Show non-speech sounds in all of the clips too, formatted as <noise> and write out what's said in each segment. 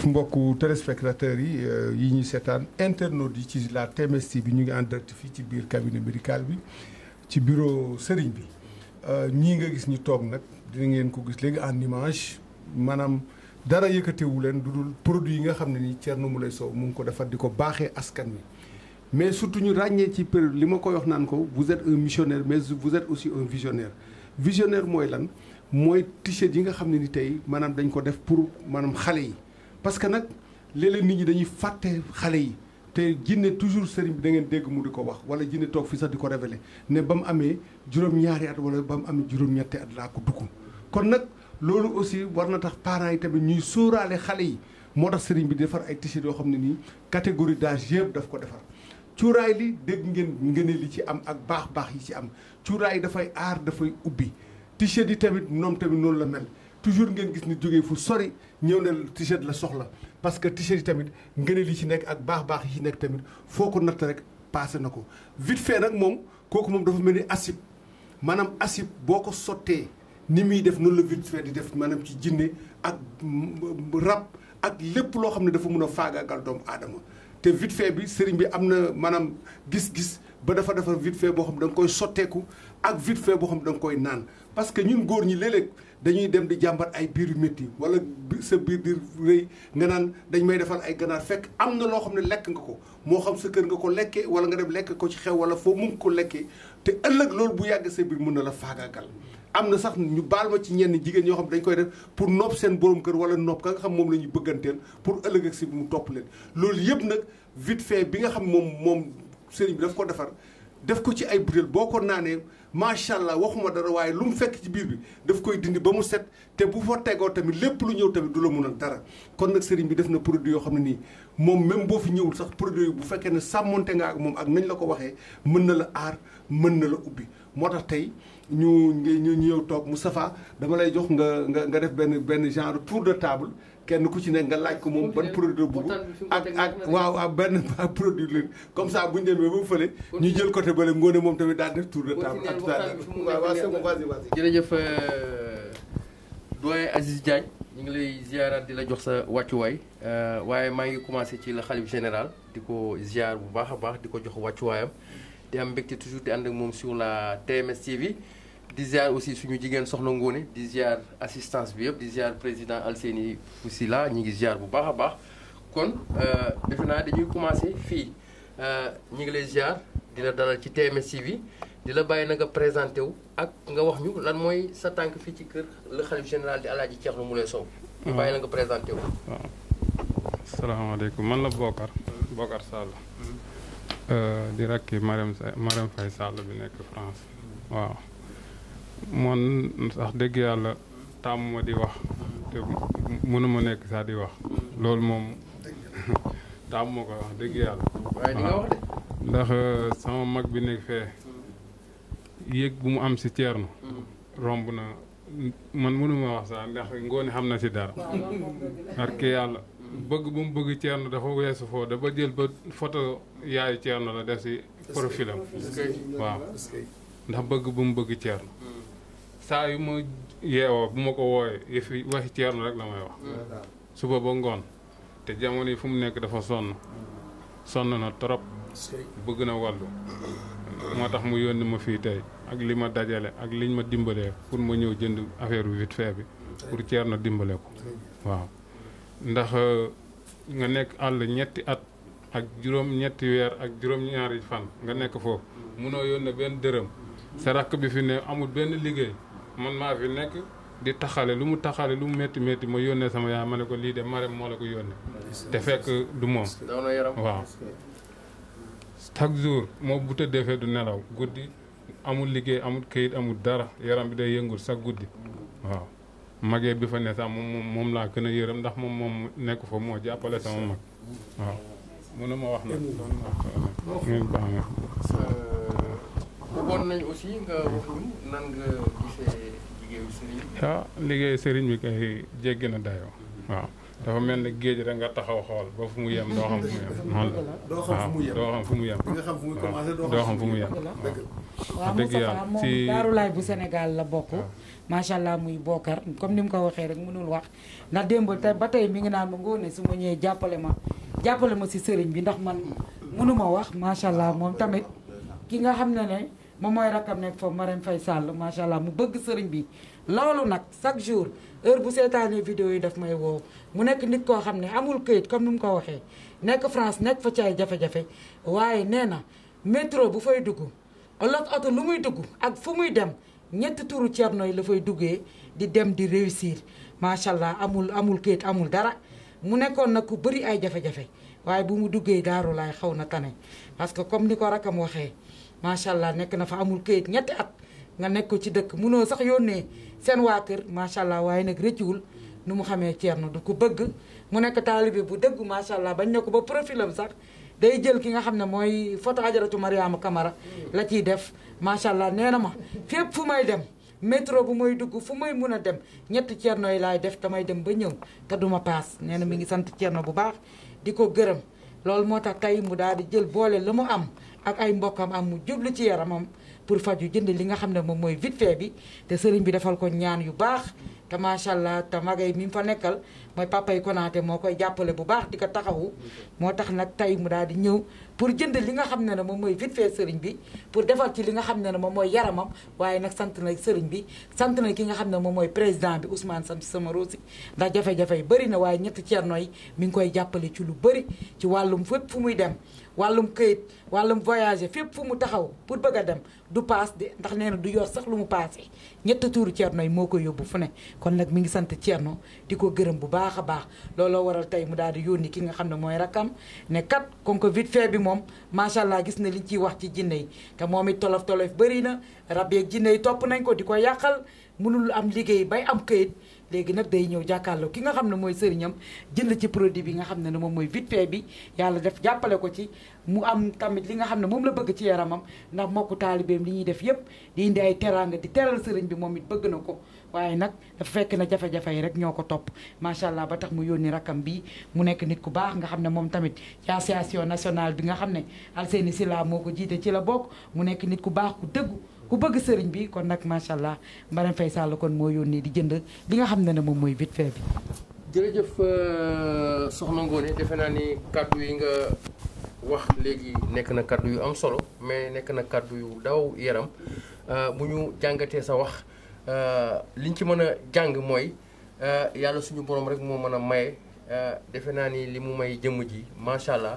jërëjëf mbokku téléspectateurs yi euh, yi ñuy seetaan internautes yi ci la TMS bi ñu ngi en direct fii ci biir cabinet médical bi ci bureau Serigne bi euh, ñii nga gis ñu toog nag dina ngeen ko gis léegi en nimage maanaam dara yëkkatewu leen du dul produit yi nga xam ne nii mu lay Sow mu ngi ko defar di ko baaxee askan wi. mais surtout ñu ràññee ci période li ma koy wax naan ko vous êtes un missionnaire mais vous êtes aussi un visionnaire visionnaire mooy lan mooy t-shirt xam ne ni tey maanaam dañ ko def pour maanaam xale yi. parce que nag léeg-léeg nit ñi dañuy fàtte xale yi te jinne toujours sëriñ bi da ngeen dégg mu di ko wax wala jinne toog fi sax di ko révélé ne ba mu amee juróom-ñaari at wala ba mu amee juróom-ñetti at laa ko dugg kon nag loolu aussi war na tax parents yi tamit ñuy sóoraale xale yi moo tax sëriñ bi defar ay t-shirt yoo xam ne nii catégorie d'âge yëpp daf ko defar cuuraay li dégg ngeen ngëne li ci am ak baax baax yi ci am cuuraay dafay aar dafay ubbi t-shirt tamit ñoom tamit noonu toujours ngeen gis ni jógee fu sori ñëw na t-shirt la soxla parce que t-shirt yi tamit ngëneel yi ci nekk ak baax baax yi ci nekk tamit foo ko natt rek passé na ko. vite fait nag moom kooku moom dafa mel ni asib maanaam asib boo ko sottee ni muy def noonu la vite fait di def maanaam ci jinne ak rab ak lépp loo xam ne dafa mun a faagaagal doomu aadama te vite fait bi sëriñ bi am na maanaam gis-gis. ba dafa defar vite boo xam da nga koy sotteeku ak vite boo xam da nga koy naan parce que ñun góor ñi léeg dañuy dem di jàmbat ay biir yu métti wala sa biir di rëy nga naan dañ may defal ay ganaar fekk am na loo xam ne lekk nga ko moo xam sa kër nga ko lekkee wala nga dem lekk ko ci xew wala foo mu ko lekkee te ëllëg loolu bu yàgg sa biir mun na la faagaagal am na sax ñu baal ma ci ñenn jigéen ñoo xam dañ koy def pour nopp seen borom kër wala nopp ka nga xam moom la ñu bëgganteel pour ëllëg ak si mu topp leen loolu yëpp nag vite fait bi nga xam moom moom sëriñ bi daf ko defar def ko ci ay butéel boo ko naanee macha allah waxuma dara waaye lu mu fekk ci biir bi daf koy dindi ba mu set te bu fa tegoo tamit lépp lu ñëw tamit du la mun a dara kon nag sëriñ bi def na produit yoo xam ne nii moom même boo fi ñëwul sax produit yi bu fekkee ne sàmmonte nga ak moom ak nañ la ko waxee mën na la aar mën na la ubbi moo tax tey ñu ñu ñëw toog Moustapha dama lay jox nga nga nga def benn benn genre tour de table kenn ku ci ne nga laaj ko moom ban produit bugg ak ak waaw waaw benn <laughs> produit leen comme sax bu ñu demee ba fële ñu jël côté bële ngoone moom tamit daan def tour de table ak waaw waaw c'est bon vas-y vas-y jërëjëf euh, doyen ngi lay ziaraat di la jox sa wàccuwaay euh, waaye maa ngi commencé ci la xalif général di ko ziar bu baax a baax di ko jox wàccuwaayam di am mbégte toujours di ànd ak moom sur la TMS TV di ziar aussi suñu jigéen soxna Ngone di ziar assistance bi yëpp di ziar président Alseni Fusila ñu ngi ziar bu baax a baax kon euh, defe naa dañuy commencé fii euh, ñu ngi lay ziar di la dalal ci TMS TV di la bàyyi na nga présenté wu ak nga wax ñu lan mooy sa tànk fii ci kër la xalif général di Alaaji Ceerno Moulay Sow. waaw bàyyi na nga présenté wu. waaw asalaamaaleykum man la Bokar Bokar Sall. Mm-hmm. Euh, di rakki Marème Marème Faye Sall bi nekk France waaw. man sax dëgg yàlla tàmm di wax te mënuma nekk sax di wax loolu moom <laughs> tàmm ko wax dëgg yàlla ndax euh, sama mag bi nekk fee yéeg bu mu am si Thierno romb na man mënuma wax sax ndax ngoone xam na si dara <laughs> barke yàlla bëgg bu mu bëgg Thierno dafa weesu foo da jël ba photo yaayu Thierno la def si profilam waaw ndax bëgg bu mu bëgg Thierno hmm. saa yi ma yeewoo bu ma ko wooyee yëf yi waxi Ceerno rek la may wax mm. suba ba ngoon te jamono yi fu mu nekk dafa sonn mm. sonn na trop bëgg na wàllu moo tax mu yónni ma fii tey ak li ma dajale ak liñ ma dimbalee pour ma ñëw jënd affaire bi vite fait bi mm. pour Ceerno dimbale ko waaw ndax euh, nga nekk àll ñetti at ak juróom ñetti weer ak juróom ñaari fan nga nekk foofu mënoo yónnee benn dërëm sa rakk bi fi ne amul benn liggéey man maa fi nekk di taxale lu mu taxale lu mu métti métti ma yónnee sama yaay ma ne ko lii de marem moo la ko yónnee te fekk du moom waaw chaque jour moo bu tëddee fee du nelaw guddi amul liggéey amul këyit amul dara yaram bi day yëngul sax guddi waaw magee bi fa ne sax moom moom laa gën yërëm ndax moom moom nekk fa moo jàppale sama mag waaw mënuma wax nag bëggoon nañ aussi liggéeyu sëriñ bi. ah kay jéggi na dayoo. waaw dafa mel ni géej rek nga taxaw xool ba fu mu yem doo xam fu mu yem. doo xam fu mu yem doo xam fu mu yem. doo xam fu mu yem waaw dëgg yàlla moom Daaru Laay bu Sénégal la bokk. macha allah muy bokkar comme ni mu ko waxee rek mënul wax ndax démb te ba tey mi ngi naan ma ngoone su ma ñëwee jàppale ma jàppale ma si sëriñ bi ndax man mënuma wax macha allah moom tamit ki nga xam ne ne. moom mooy rakkam nekk foofu Marème fay Sall macha allah mu bëgg sëriñ bi loolu nag chaque jour heure bu seetaanee video yi daf may wow mu nekk nit koo xam ne amul këyit comme ni mu ko waxee nekk France nekk fa ci ay jafe waaye nee na métro bu fay dugg lot oto lu muy dugg ak fu muy dem ñetti turu Thierno la fay duggee di dem di réussir macha allah amul amul këyit amul dara mu nekkoon nag ku bëri ay jafe waaye bu mu duggee daaru laay xaw na tane parce que comme ni ko rakkam waxee macha allah nekk na fa amul kayit ñetti at nga nekk ci dëkk munoo sax yónnee seen waa kër macha allah waaye nag rëccuwul nu mu xamee Thierno du ko bëgg mu nekk taalibe bu dëggu macha allah bañ ne ko ba profilam sax day jël ki nga xam ne mooy photo ajaratu Mariama Camara la ciy def macha allah nee na ma fépp fu may dem métro bu may dugg fu may mun a dem ñetti Thierno yi laay def may dem ba ñëw te duma paas nee na mi ngi sant na bu baax di ko gërëm loolu moo tax tey mu daal di jël boole la mu am ak ay mbokkam am mu jublu ci yaramam pour faju jënd li nga xam ne moom mooy vite fait bi te sëriñ bi defal ko ñaan yu baax te macha allah te magay mi mu fa nekkal mooy papa yi konaate moo koy jàppale bu baax di ko taxawu. moo tax nag tey mu daal di ñëw pour jënd li nga xam ne ne moom mooy vite sëriñ bi pour defal ci li nga xam ne ne moom mooy yaramam waaye nag sant na sëriñ bi sant na ki nga xam ne moom mooy président bi Ousmane Sam Samaro Si ndax jafe-jafe yi bëri na waaye ñetti cerno yi mi ngi koy jàppale ci lu bëri ci wàllum fépp fu muy dem. wàllum këyit wàllum voyager fépp fu mu taxaw pour bëgg a dem du paas de ndax nee du yor sax lu mu paase ñett tuuru Thierno yi moo ko yóbbu fu ne kon nag mi ngi sant Thierno di ko gërëm bu baax a baax looloo waral tey mu daal di yónni ki nga xam ne mooy rakkam ne kat kon ko vite fait bi moom macha allah gis na liñ ciy wax ci jinne yi te moom it tolof tolof bëri na rab yeeg jinne yi topp nañ ko di ko yàqal lu am liggéey bay am këyit léegi nag day ñëw jàkkaarloo ki nga xam ne mooy sëriñam jënd ci produit bi nga xam ne ne moom mooy vite fait bi yàlla def jàppale ko ci mu am tamit li nga xam ne moom la bëgg ci yaramam ndax mbokku taalibeem li ñuy def yépp di ay teraanga di teral sëriñ bi moom it bëgg na ko waaye nag fekk na jafe yi rek ñoo ko topp macha allah ba tax mu yónni rakkam bi mu nekk nit ku baax nga xam ne moom tamit ci association bi nga xam ne Alseni Sila moo ko jiite ci la bokk mu nekk nit ku baax ku dëggu ku bëgg sëriñ bi kon nag macha allah Marème Faye saala kon moo yónnee di jënd li nga xam ne ne moom mooy vite fait bi. jërëjëf euh, soxna Ngoné defe naa ni kàddu yi nga wax léegi nekk na kàddu yu am solo mais nekk na kàddu yu daw yaram euh, bu ñu jàngatee sa wax euh, liñ ci mën a jàng mooy yàlla suñu borom rek moo mën a maye defe naa ni li mu may jëmm ji macha allah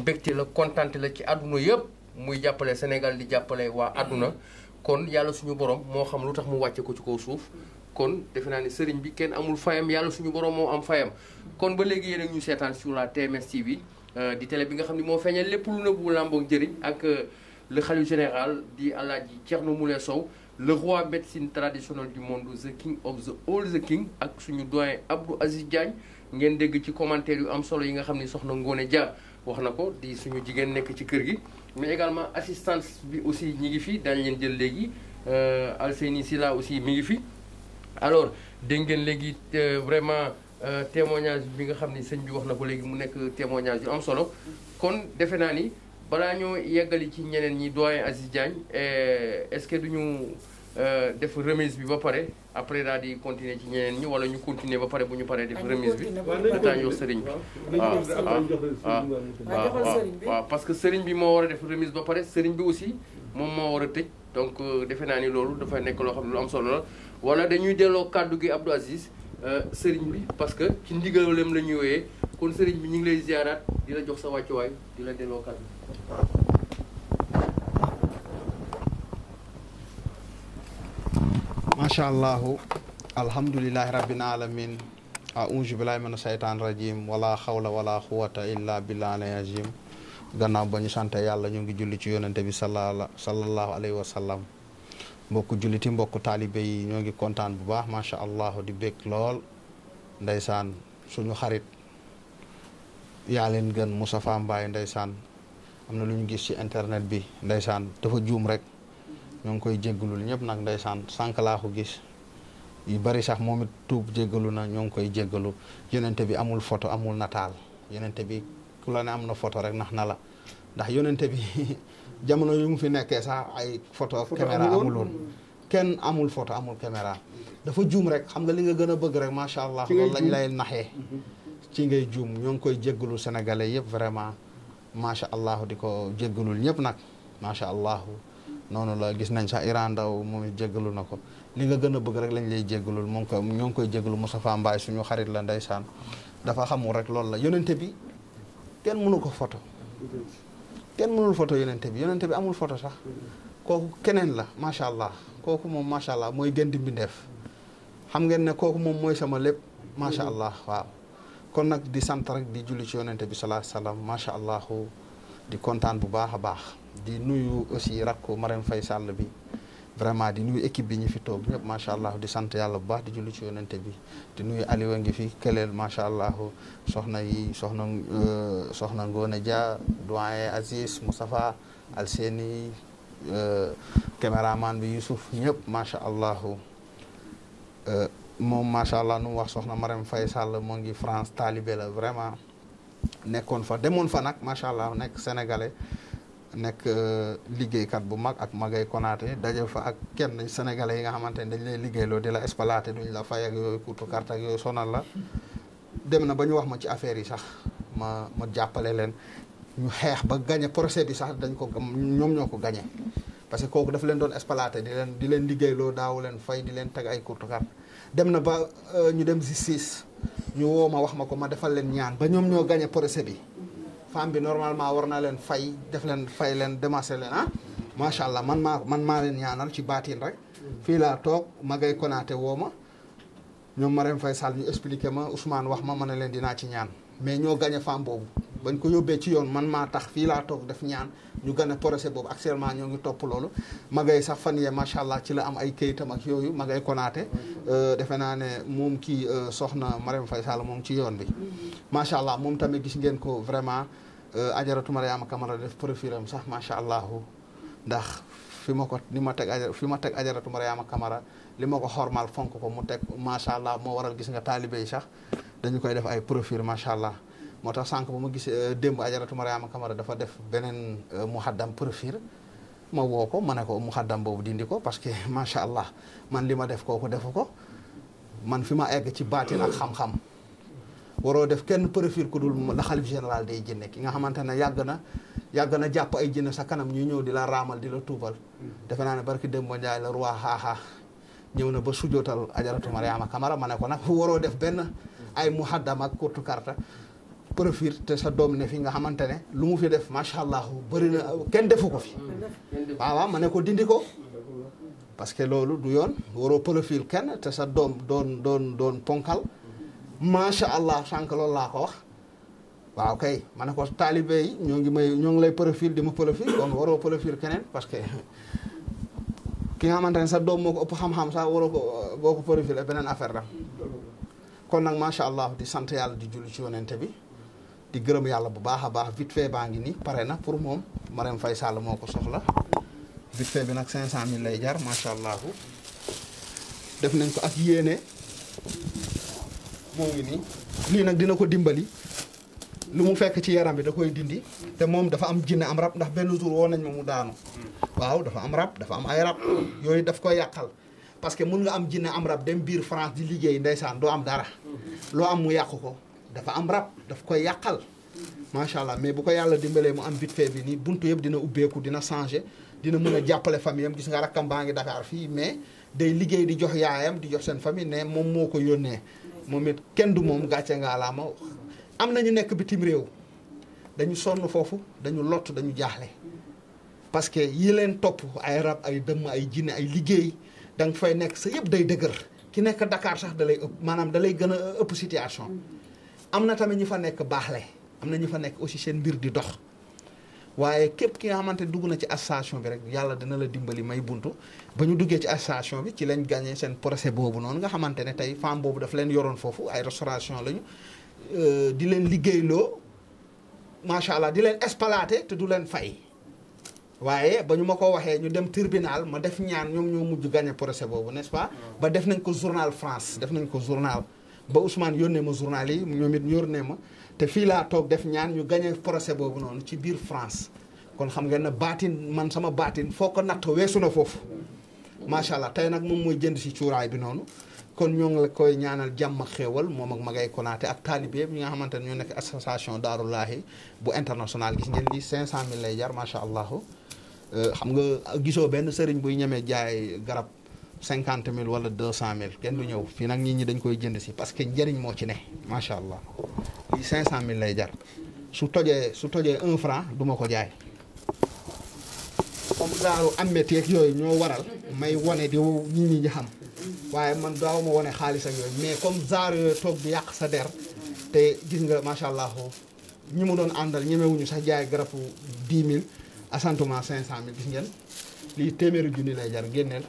mbégte la kontaante la ci àdduna yëpp. muy jàppale Sénégal di jàppale waa àdduna kon yàlla suñu borom moo xam lu tax mu wàcce ko ci kaw suuf kon defe naa ne sëriñ bi kenn amul fayam yàlla suñu borom moo am fayam kon ba léegi yéen ñu seetaan su la TMS bi euh, di tele bi nga xam ne moo feeñal lépp lu nëbbu làmbook njëriñ ak euh, le khalife général di Alaaji Thierno Moule Sow le roi médecine traditionnelle du monde the king of the all the king ak suñu doyen Abdou Aziz Diagne ngeen dégg ci commentaire yu am solo yi nga xam ni soxna Ngone Dia wax na ko di suñu jigéen nekk ci kër gi mais également assistance bi aussi ñi ngi fi daañu leen jël léegi euh, Alseyni Sila aussi mi ngi fi alors dégg ngeen léegi vraiment euh, témoignage bi nga xam ne sëñ bi wax na ko léegi mu nekk témoignage yu am solo kon defe naa ni balaa ñoo yeggali ci ñeneen ñi doyen Aziz Diagne eh, est-ce que duñu Euh, def remise bi ba pare après daal di continuer ci ñeneen ñi wala ñu continuer ba pare bu ñu paree def remise bi le temps yow sëriñ bi waaw ah, ah, ah, waaw waaw parce que sëriñ bi moo war a def remise ba pare sëriñ bi aussi moom moo war a tëj donc euh, defe naa ni loolu dafa nekk loo xam ne lu am solo la wala dañuy delloo kàddu gi Abdou Aziz euh, sëriñ bi parce que ci ndigalem la ñuy wooyee kon sëriñ bi ñu ngi lay ziaraat di la jox sa wàccuwaay di la delloo kàddu macha allahu alhamdulilahi rabbil alamin auzu billahi mina shaytaan rajim wala xawla wala quwata illa billah al azim gannaaw ba ñu sante yàlla ñu ngi julli ci yonente bi sallala sallallahu alayhi wa sallam mbokku julliti mbokku taalibe ñoo ngi kontaan bu baax macha allah di bég lool ndeysaan suñu xarit yaa leen gën Moustapha Mbaye ndeysaan am na lu ñu gis ci internet bi ndeysaan dafa juum rek ñoo ngi koy jéggalul ñëpp nag ndeysaan sànq laa gis yu bari sax moom it tuub jéggalu na ñoo ngi koy jéggalu yonente bi amul photo amul nataal yonente bi ku la am na photo rek nax na la ndax yonente bi <laughs> jamono yu mu fi nekkee sax ay photo caméra amuloon kenn amul photo amul caméra dafa juum rek xam nga li nga gën a bëgg rek macha allah loolu lañ naxee ci ngay juum ñoo ngi koy jéggalu sénégalais yëpp vraiment macha allah di ko jéggalul ñëpp nag macha allah noonu laa gis nañ sax Iran Ndaw moom jéggalu na ko li nga gën a bëgg rek lañ lay jéggalul moom ko ñoo ngi koy jéggalu Moustapha Mbaye suñu xarit la ndeysaan dafa xamul rek loolu la yonente bi kenn munu ko photo kenn mënul photo yonente bi yonente bi amul photo sax kooku keneen la macha allah kooku moom macha allah mooy gën di mbindeef xam ngeen ne kooku moom mooy sama lépp macha allah waaw kon nag di sant rek di julli ci yonente bi salaa salaam macha allah di kontaan bu baax a baax di nuyu aussi rakku Marème fay sàll bi vraiment di nuyu équipe bi ñu fi toog ñëpp macha allah di sant yàlla bu baax di jullu ci yonente bi di nuyu Aliou ngi fi këleel macha allah soxna yi soxna euh, soxna Ngone Dia doyen Aziz Moustapha Alseni euh, caméraman bi Youssouf ñëpp macha allah euh, moom macha allah nu wax soxna Marème fay sàll moo ngi France taalibe la vraiment nekkoon fa demoon fa nag macha allah nekk sénégalais. nekk euh, liggéeykat bu mag ak Magaye konaate daje fa ak kenn sénégalais yi nga xamante ne dañ lay liggéeyloo di la espalaté duñ la fay ak yooyu kurtu la dem na ba ñu wax ma ci affaire yi sax ma ma jàppale leen ñu xeex ba gañe procès bi sax dañ ko ñoom ñoo ko gañe parce que kooku dafa leen doon espalaté di leen di leen liggéeyloo daawu leen fay di leen teg ay kurtu carte dem na ba euh, ñu dem si justice ñu woo ma wax ma ko ma defal leen ñaan ba ñoom ñoo gañee procès bi femme bi normalement war na leen fay def leen fay leen démarché leen ah macha allah man maa man maa leen ñaanal ci baatin rek fii laa toog Magaye konaate woo ma ñoom Marème Faye Sall ñu ma Ousmane wax ma ma ne leen dinaa ci ñaan mais ñoo gañ a femme boobu bañ ko yóbbee ci yoon man maa tax fii laa toog def ñaan ñu gën a boobu actuellement ñoo ngi topp loolu Magaye sax fan yee macha allah ci la am ay këyitam ak yooyu Magaye Konaté euh, defe naa ne moom kii euh, soxna Marème Faye Sall moom ci yoon bi macha allah moom tamit gis ngeen ko vraiment Euh, ajaratu Mariama Kamara def profil am sax macha allah ndax fi ma ko ni ma teg aja fi ma teg ajaratu Mariama Kamara li ma ko xormaal fonk ko mu teg macha allah moo waral gis nga taalibe yi sax dañu koy def ay profil macha allah. moo tax sànq ba ma gis euh, démb ajaratu a Kamara dafa def beneen euh, muhaddam profil ma woo ko ma ne ko muhaddam boobu dindi ko parce que <laughs> macha allah man li ma def kooku defu ko man fi ma egg ci baatin ak xam-xam. waroo def kenn profil ku dul la xalif général day jinne ki nga xamante ne yàgg na yàgg na jàpp ay jinne sa kanam ñu ñëw di la raamal di la tuubal mm. defe naa ne barki dem ba Njaay la roi xaaxaa ñëw na ba sujootal ajaratu Mariama Kamara ma ne ko nag waroo def benn ay muhaddam ak courte carte te sa doom ne fi nga xamante ne lu mu fi def macha allah bëri na kenn defu ko fi mm. waaw ma ne ko dindi ko parce que loolu du yoon waroo profil kenn te sa doom doon doon doon macha allah sànq loolu laa ko wax waaw kay ma ne ko taalibe yi ñoo ngi may ñoo ngi lay profil di ma profil kon waroo profil keneen parce que <laughs> ki nga xamante ne sax doom moo ko ëpp xam-xam sax waroo ko boo ko profilé beneen affaire la kon nag macha allah di sant yàlla di julli ci yonente bi di gërëm yàlla bu baax a baax vite fait baa ngi nii pare na pour moom Marème Faye Sall moo ko soxla vite fait bi nag 500000 lay jar macha allah def nañ ko ak yéene. moo ngi nii lii nag dina ko dimbali lu mu fekk ci yaram bi da koy dindi te moom dafa am jinne am rab ndax benn jour woo nañ ma mu daanu waaw dafa am rab dafa am ay yooyu daf koy yàqal parce que mun nga am jinne am rab dem biir France di liggéey ndeysaan doo am dara loo am mu yàq ko dafa am rab daf koy yàqal macha allah mais bu ko yàlla dimbalee mu am vite fait bi nii buntu yëpp dina ubbeeku dina changé dina mën jàppale famille am gis nga rakkam baa ngi fii mais day liggéey di jox yaayam di jox seen famille moom moo ko yónnee moom it kenn du moom gàcce nga laa am na ñu nekk bitim réew dañu sonn foofu dañu lott dañu jaaxle parce que yi leen topp ay rab ay dëmm ay jinne ay liggéey da fay nekk sa yëpp day dëgër ki nekk dakaar sax da lay ëpp maanaam da lay gën a ëpp situation am na tamit ñu fa nekk baaxle am na ñu fa nekk aussi seen mbir di dox waaye képp ki nga xamante dugg na ci association bi rek yàlla dina la dimbali may buntu ba ñu duggee ci association bi ci lañ gagné seen procès boobu noonu nga xamante ne tey femme boobu daf leen yoroon foofu ay restauration lañu euh, di leen liggéeyloo macha allah di leen espalaate te du leen fay. waaye ba ñu ma ko waxee ñu dem tribunal ma def ñaan ñoom ñoo mujj gagné procès boobu nest pa ba def nañ ko journal France def nañ ko journal ba Ousmane yónnee ma journal yi ñoom it yónnee ma. te fii laa toog def ñaan ñu gagné procès boobu noonu ci biir France kon xam ngeen ne baatin man sama baatin foo ko natt weesu na foofu macha allah tey nag moom mooy jënd si cuuraay bi noonu kon ñoo ngi la koy ñaanal jàmm ak xéewal moom ak Magaye Konaté ak taalibe yëpp ñi nga xamante ne ñoo nekk association daarullahi bu international gis ngeen lii 500000 lay jar macha allah euh, xam nga gisoo benn sëriñ buy ñemee jaay garab. cinquante mille wala deux cent mille kenn du ñëw fii nag nit ñi dañ koy jënd si parce que njëriñ moo ci ne macha allah lii cinq cent mille lay jar su tojee su tojee un franc du ko jaay comme daaru amet yeeg yooyu ñoo waral may wone di nit ñi di xam waaye man daaw ma wone xaalis yooyu mais comme genre yooyu toog di yàq sa der te gis nga macha allah ñi mu doon àndal ñemewuñu sax jaay garabu dix mille asantuma cinq cent mil gis ngeen lii téeméeri junni lay jar génneel.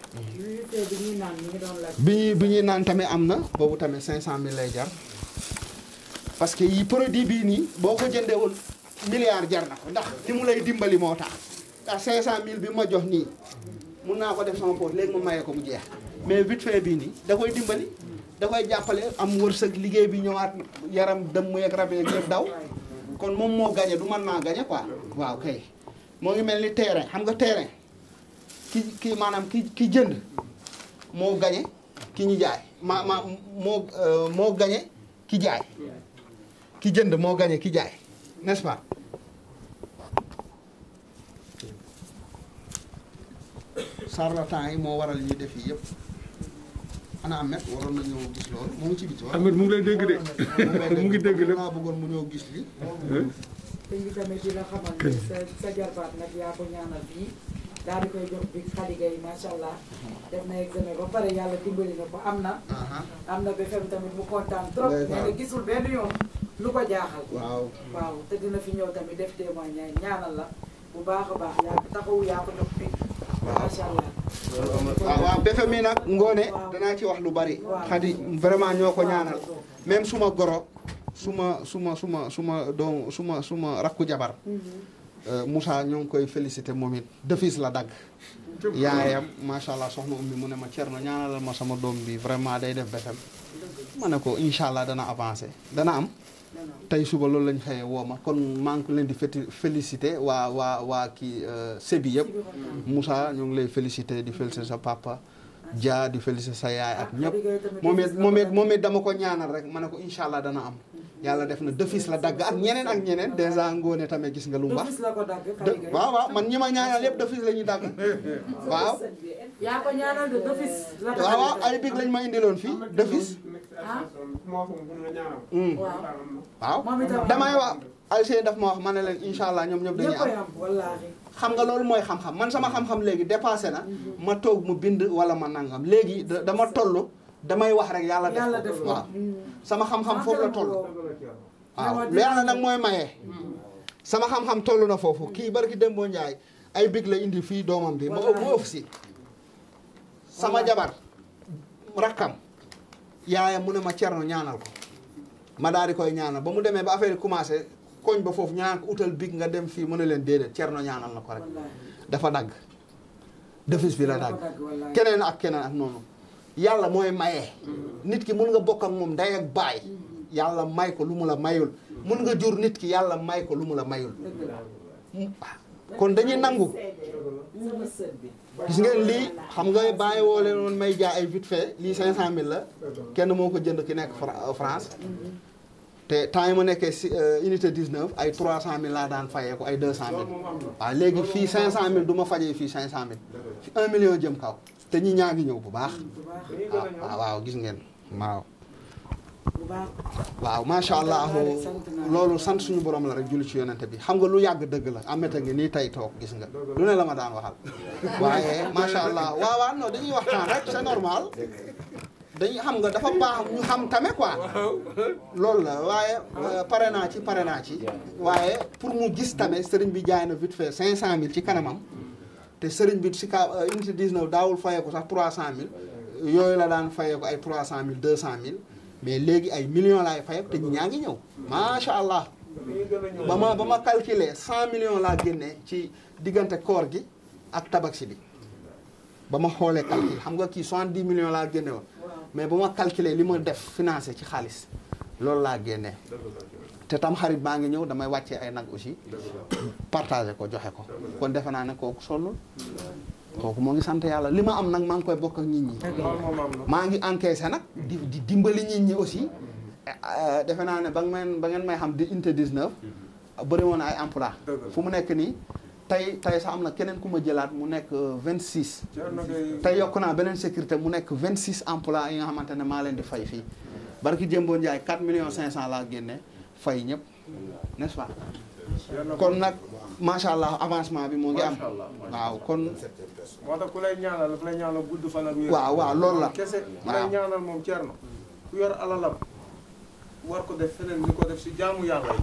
bi ñuy bi ñuy naan tamit am na. boobu tamit 500000 lay jar parce que yi produit bii nii boo ko jëndewul milliard jar na ko ndax ni mu lay dimbali moo tax ndax 500000 bi ma jox nii mun naa ko def sama poche léegi ma maye ko mu jeex mais vite fait bii nii da koy dimbali. da koy jàppale am wërsëg liggéey bi at yaram dëmm yeeg rab yeeg daw kon moom moo gañe du man maa gañe quoi waaw kay moo ngi mel ni terrain xam nga terrain. ki ki maanaam ki ki jënd moo gañe ki ñu jaay ma ma moo euh, moo gañe ki jaay ki jënd moo gañe ki jaay n'est-ce pas yi moo waral ñu def yi yëpp ana Ahmed waroon na gis loolu mu ngi ci biti Ahmed mu ngi dégg de mu ngi dégg de <laughs> maa bëggoon mu ñoo gis li te ngi tamit di la xamal ni sa sa jarbaat nag yaa ko ñaanal bii daal di koy jox bi Khady Gueye macha allah. def na examen ba pare yàlla dimbali na ko am na. am na BFEM tamit mu kontaan trop. nee na gisul benn yoon lu ko jaaxal. waaw waaw te dina fi ñëw tamit def témoignage ñaanal la bu baax a baax yaa ko yaa ko jox bi waaw ah, waaw mi nag ngoone danaa ci wax lu bari. Khady vraiment ñoo ko ñaanal. même suma goro suma suma suma suma doom suma suma rakku jabar. Mm-hmm. Euh, Moussa ñoo ngi koy félicité moom it defis la dagg yaayam macha allah soxna ummi mu ne ma ma ñaanalal ma sama doom bi vraiment day def besam ma ne ko incha allah dana avancé dana am tey suba loolu lañ xëyee woo ma kon maa ngi leen di félicité waa waa waa kii euh, sébi yëpp Moussa ñoo ngi lay félicité di félicité sa papa jaa di félicité sa yaay ak ah, ñëpp moom it moom it moom it dama ko ñaanal rek ma ne ko incha allah dana am yàlla def na defis la dagg ak ñeneen ak ñeneen dèjà ngóone tamit gis nga lu mu baax waaw waaw man ñi ma ñaanal yëpp defis la ñuy dagg <laughs> waaw yaa waaw ay big lañ ma indiloon fii defis hmm. waaw damay wax ay seen daf ma wax ma ne leen incha allah ñoom ñëpp dañuy am xam nga loolu mooy xam-xam man sama xam-xam léegi dépassé na ma toog mu bind wala ma nangam léegi dama toll damay wax rek yàlla def ko waaw sama xam-xam foofu la toll waaw lu yàlla nag mooy maye sama xam-xam toll na foofu kii barki Dembo Njaay ay big la indi fii doomam bi ma ëpp ëf si sama jabar rakkam yaayam mu ne ma cerno ñaanal ko ma daal di koy ñaanal ba mu demee ba affaire yi commencé koñ ba foofu ñaan ko utal big nga dem fii mën a leen déedéet cerno ñaanal na ko rek dafa dagg defis bi la dagg keneen ak keneen ak noonu yàlla mooy maye mm-hmm. nit ki mun nga bokk ak moom ndey ak baay mm-hmm. yàlla may ko lu mu la mayul mun nga jur nit ki yàlla may ko lu mu la mayul mm, ah. kon dañuy nangu gis ngeen lii xam nga bàyyi woo leen woon may jaay ay vite fait lii cinq cent mille la kenn moo ko jënd ki nekk France mm-hmm. te temps yi ma nekkee si euh, unité 19 ay trois 300000 laa daan fayee ko ay 200000 waaw léegi fii cinq 500000 du ma fajee fii 500000 fi 1 million jëm kaw te ñi ñaa ngi ñëw bu baax waaw waaw gis ngeen waaw waaw macha allah loolu sant suñu borom la rek julli ci yonente bi xam nga lu yàgg dëgg la amete ngi nii tey toog gis nga lu ne la ma daan waxal waaye macha allah waaw waaw non dañuy waxtaan rek c'est normal dañu xam nga dafa baax ñu xam tame quoi loolu la waaye euh, pare naa ci pare naa ci waaye pour mu gis tame sëriñ bi jaay na vite fait cinq cent mille ci kanamam te sëriñ bi si ka euh, unité 19 daawul ko sax trois cent mille yooyu la daan ko ay trois cent mille deux cent mille mais léegi ay millions laay fayeeku te ñi ñaa ngi ñëw macha allah ba ma ba ma calculer cent million laa génnee ci diggante koor gi ak tabax bi ba ma xoolee calcul xam nga kii soixante-dix millions laa génne woon mais bu ma calculer li ma def financé ci xaalis loolu laa génnee te tam xarit baa ngi ñëw damay wàccee ay nag aussi partagé ko joxe ko kon defe naa ne kooku sonnul kooku moo ngi sant yàlla li ma am nag maa ngi koy bokk ak nit ñi maa ngi encaissé nag di di dimbali nit ñi aussi euh, defe naa ne ba ngeen ba ngeen may xam di inte 19 bëri woon ay emploi fu mu nekk nii tey tey sax am na keneen ku ma jëlaat mu nekk euh, vingt six tey yokk naa beneen sécurité mu nekk vingt six emploi yi nga xamante ne maa leen di fay fii barki Jémboo Njaay quatre millions cinq cent laa génne fay ñëpp n'est-ce kon nag macha allah avancement bi moo ngi am waaw kon. moo tax ku lay ñaanal daf lay ñaanal gudd fan ak. waaw waaw loolu la kese ku lay ñaanal moom Thierno ku yor alalam war ko def feneen ñu ko def si jaamu yàlla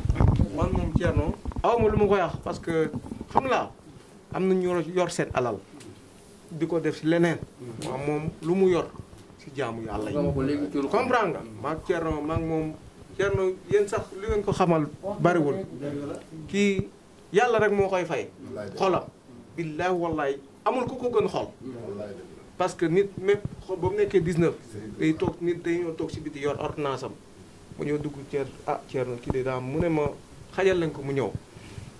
yi man moom Thierno. aw ma lu mu ko wax parce que xam nga am na ñu yor seen alal di ko def si leneen. waaw moom lu mu yor si jaamu yàlla yi. comprendre nga maag Thierno maag moom Thierno yéen sax li ngeen ko xamal bariwul kii yàlla rek moo koy fay. xolam billaahi wallaahi amul ku ko gën xol. parce que nit même xol ba mu nekkee 19. day toog nit day ñoo toog si biti yor ordonnance am. mu ñëw dugg Thierno ah Thierno kii de daam mu ne ma xajal lañ ko mu ñëw.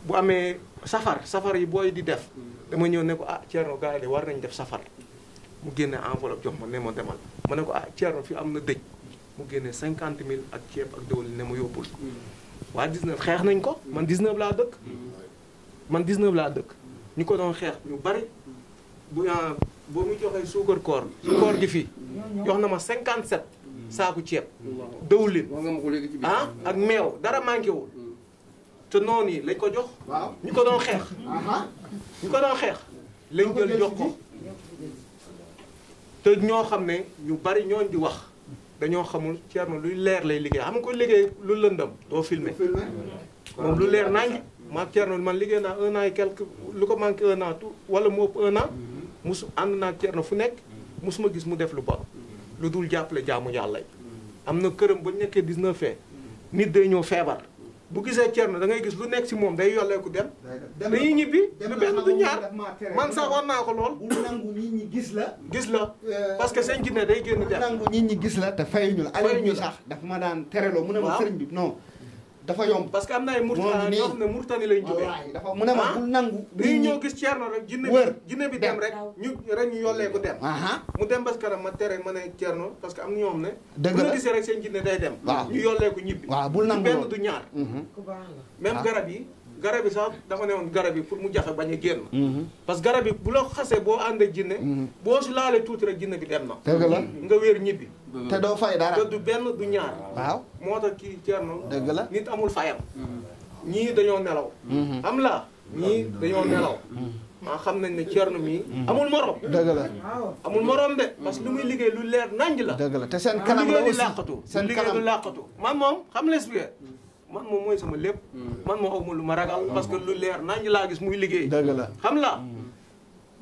bu amee safar safar yi booy di def dama ñëw ne ko ah cero gars yi de war nañ def safar mu génne enveloppe jox ma ne ma demal ma ne ko ah Thierno fi am na dëj mu génne cinquante mille ak ceeb ak dëwlin ne mu yóbbul waa 19 xeex nañ ko man 19 laa dëkk man 19 laa dëkk ñu ko doon xeex ñu bari bu ah, boo mu joxee suukar koor koor gi fii jox na ma cinquante 57 saaku ceeb dëwlin ah ak meew dara manqué wul te noonu yi lañ ko jox. waaw ñu ko doon xeex. ñu ko doon xeex lañ jël jox ko. te ñoo xam ne ñu bari ñooñ di wax dañoo xamul Thierno luy leer lay liggéey xam ko liggéey lu lëndam doo filmer moom lu leer naa ngi man liggéey naa un an et lu ko manqué un wala mu ëpp mhm. musu ànd naa Thierno fu nekk musuma gis mu def lu bon mhm. lu dul jàppale jaamu yàlla am na këram ba nekkee 19 mhm. nit day ñëw feebar bu gisee Thierno da ngay gis lu nekk si moom day yolleeku dem. dañuy ñibbi lu benn du ñaar man sax war naa ko lool. bu nangu nit ñi gis la. gis la euh, parce que seen jinne day génn dem. bu nangu ñi gis la te fayuñu la. fayuñu la sax daf ma daan tereloo. waaw mu ne ma sëriñ bi non. dafa yomb parce que am na ay murtani yoo xam ne murtani lañ mu ne ma bul nangu bi ñoo gis Thierno rek jinne wër jinne bi dem rek ñu rek ñu yollee dem mu dem bas karam ma tere ma ne Thierno parce que am na ñoo xam ne dëgg seen jinne day dem waaw ñu yollee ko ñibbi waaw bul nangu benn du ñaar mhm. même ah. garab yi garab yi sax dafa ne woon garab yi pour mu jafe bañ a génn. Mhm. parce que garab bu la xasee boo ànd ak jinne mhm. boo si laalee tuuti rek jinne bi dem na. dëgg la nga wér ñibbi. te doo fay dara du benn du ñaar. waaw moo tax kii Thierno. dëgg la nit amul fayam. Mhm. ñii dañoo nelaw. am la ñii dañoo maa xam nañ ne Thierno mii. amul morom. dëgg la amul morom de. parce que lu muy liggéey lu leer nanj la. dëgg la te seen kanam la aussi seen kanam liggéey du làqatu. liggéey man moom xam nga man moom mooy sama lépp hmm. man ma xaw ma lu ma ragal hmm. parce que lu leer naa ñu laa gis muy liggéey dëgg la xam la hmm.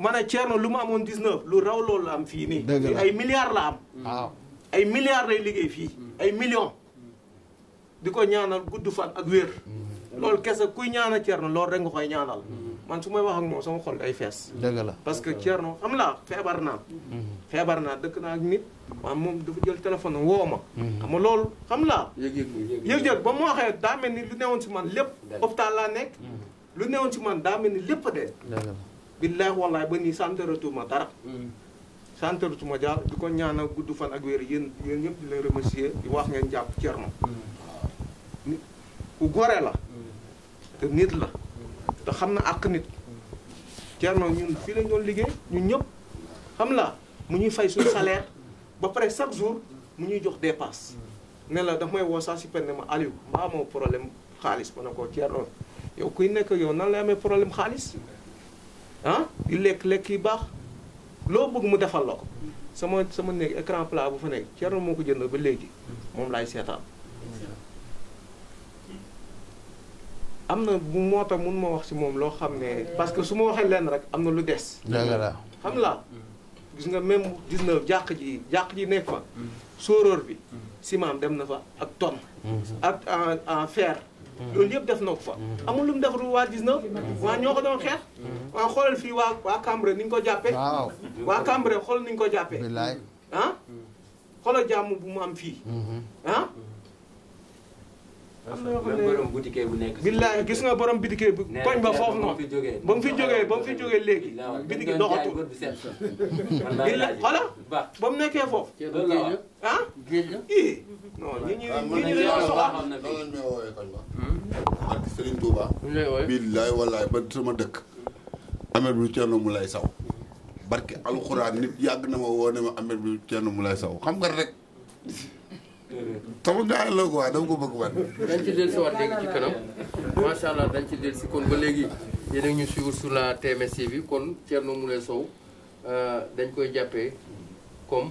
man a Thierno lu ma amoon 19 lu raw loolu am fii nii ay milliards la am ay milliards lay liggéey fii ay millions di ko ñaanal gudd fan ak wér loolu kese kuy ñaanal Thierno loolu rek nga koy ñaanal man su may wax ak moom sama xol day fees. la parce que Thierno xam laa feebar naa. Mhm. feebar naa dëkk naa ak nit. waaw moom dafa jël téléphone woo ma. Mhm. xam loolu xam laa. yëg-yëg ba mu waxee daa mel ni lu newoon si man lépp. hôpital laa nekk. Mhm. lu new si man daa mel ni lépp a dee. billaay wallaay ba nii santaratuma dara. santaratuma jaar di ko ñaanal gudd fan ak wér yéen yéen ñëpp di leen remercier wax ngeen jàpp Thierno. ku gore la. te nit la. te xam na ak nit Thierno ñun fii lañ doon liggéey ñun ñëpp xam la mu ñuy fay suñu salaire ba pare chaque jour mu ñuy jox dépasse ne la daf may woo saa si penne ma Aliou mbaa amoo problème xaalis ma ne ko Thierno yow kuy nekk yow nan lay amee problème xaalis ah di lekk lekk yi baax loo bëgg mu defal la ko sama sama néeg écran plat bu fa nekk Thierno moo ko jënd ba léegi moom laay seetaan am na moo tax mun ma wax si moom loo xam ne parce que su ma waxee lenn rek am na lu des. xam la gis nga même 19 jàq ji jàq ji nekk fa. Mm. sóoróor bi. ciment mm. dem na fa ak tonne. Mm. ak en en fer. loolu yëpp def na ko fa. amul lu mu def lu waa 19. waa ñoo ko doon xeex. waa xoolal fii waa waa Cambre ni ñu ko jàppee. waaw waa Cambre xool ni ko jàppee. ah xoolal jàmm bu mu am fii. Mm-hmm. ah. même borom boutique bu nekk. billaahi gis nga boroom boutique bu koñ ba foofu noonu. ba mu fi jógee ba mu fi jógee léegi. boutique doxatul. billaahi <laughs> mu nekkee foofu. ah. ii non ñi ah, hmm? wallaahi ba sama dëkk. amet bu Thierno Moulay Sow. barke alxuraan nit yàgg na ma woo ne ma amet bu Thierno Moulay Sow xam nga rek. sama gaay la quoi dama ko bëgg man. dañ ci dellu si waat léegi ci kanam macha allah dañ ci dellu si kon ba léegi yéen a ñu suivre sur la TMS bi kon Thierno Moule Sow euh, dañ koy jàppee comme.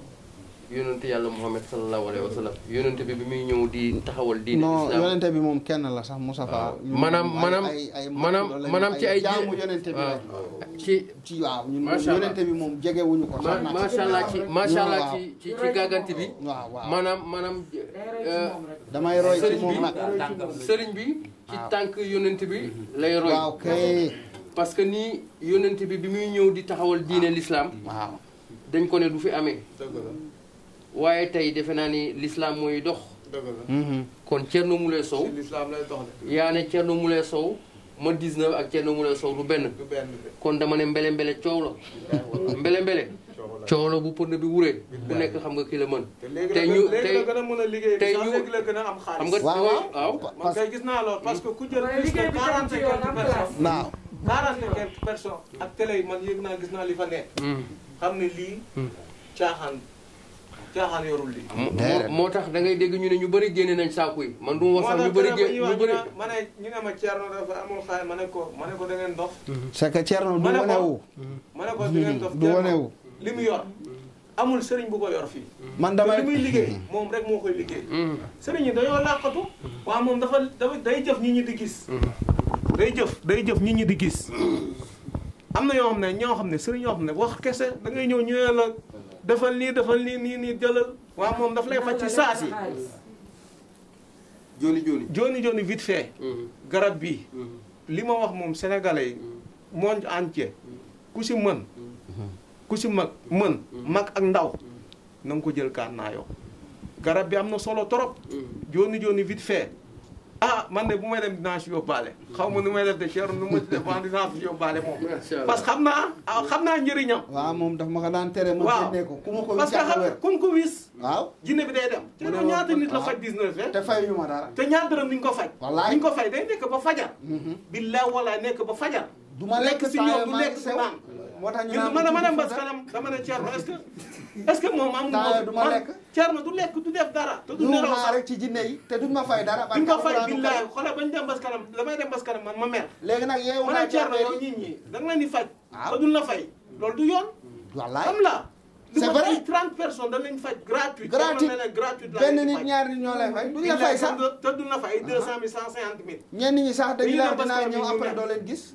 yonente yàlla Muhammad sallallahu alayhi wa sallam yonente bi bi muy di taxawal diine non bi moom kenn la sax Moustapha maanaam maanaam maanaam maanaam ci ay jaamu yonente bi ci ci waaw ñun yonente bi moom jegewuñu ko macha allah ci macha ci ci ci bi waaw waaw maanaam maanaam damay roy ci bi ci tànk yonente bi lay que nii yonente bi bi muy ñëw di taxawal diine l'islam waaw dañ ko ne du fi amee waaye tey defe naa ni lislaam mooy dox. Mhm. kon Thierno Moule Sow. lislaam lay dox de. yaa ne Thierno Moule Sow ma na ak Thierno Moule Sow du benn. kon dama ne mbele mbele coow la. mbele mbele. coow la bu pënd bi wuree. bu nekk xam nga ki la mën. te ñu te léegi la gën a gis naa parce que ku jël plus que 40 quelques personnes. waaw 40 gis naa li mm. xam ne lii mm. caaxaan. caaxaan yorul li moo tax da ngay dégg ñu ne ñu bari génne nañ saako yi man du ma wax sax ñu bëri génne ñu bëri ma ne ñu ne ma Thierno dafa ma ne ko ma ne ko da ngeen dof mm-hmm. c'est que Thierno du ma ne ko da ngeen dof du wanewu li yor amul sëriñ bu ko yor fii mm-hmm. man dama li muy liggéey mm-hmm. moom rek moo koy liggéey sëriñ yi dañoo làqatu waaw moom dafa dafa day jëf nit ñu di gis day jëf day jëf nit ñi di gis am na yoo xam ne ñoo xam ne sëriñ yoo xam ne wax kese da ngay ñëw ñëwee la defal nii defal nii nii nii jëlal waa moom daf lay faj ci saa si jooni jooni jooni fait mm-hmm. garab bi mm-hmm. li ma wax moom sénégalais yi mm-hmm. monde entier ku si mën ku si mag mën mag ak ndaw na ko jël kaan garab bi am na solo trop jooni jooni vite fait ah man de bu may dem dinaa si yóbbaale xaw ma nu may def de Thierno nu ma def wax dinaa si yóbbaale moom parce que xam naa ah, xam naa njëriñam waaw moom daf ma ko daan tere ma génnee ko ku ma ko parce que xam kun ko wis jinne bi dem te doo ñaata nit la faj 19 eh? te fay ñu ma dara ko faj wallaay niñ ko fay day nekk ba fajar mhm. billaa wala nekk ba fajar du ma lekk si ñoom du lekk si moo tax ñu naan man man Mbass dama ne Thierno est que moom am du ma lekk Thierno du lekk du def dara te du nelaw sax rek ci jinne yi te duñ ma fay dara duñ ko dem Mbass ma mer léegi nag yeewu ma ne Thierno yow nit da nga leen di faj ba duñ la fay loolu du yoon wallaay am la c'est vrai li 30 personnes dañ leen faj gratuit gratuit benn nit ñaar nit ñoo lay fay duñ la fay sax te duñ la fay 200 000 150 000 ñenn ñi sax dañu la dinaa ñëw après doo leen gis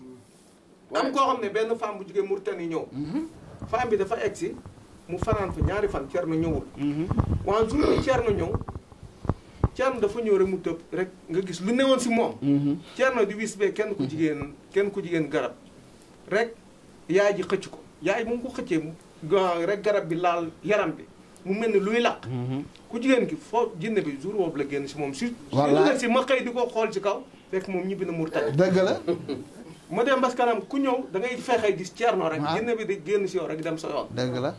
am koo xam ne benn femme bu jigéen jógee Mauritanie ñëw. Mhm. femme bi dafa egg si mu fanaan fa ñaari fan Thierno ñëwul. Mhm. waaw jour bi Thierno ñëw Thierno dafa ñëw rek mu tëb rek nga gis lu newoon si moom. Mhm. Thierno di wis bee kenn ku jigéen kenn ku jigéen garab rek yaay ji xëcc ko yaay mu ngi ko xëccee rek garab bi laal yaram bi. mu mel ni luy làq. ku jigéen ki foo jinne bi jour boobu la génn si moom. si si ma xëy di ko xool si kaw fekk moom ñibbi na Mauritanie. dëgg la. <laughs> ma dem bas kanam ku ñëw da ngay fexe gis Thierno rek. Ah. génn bi di génn si yow rek dem sa yoon. dëgg la.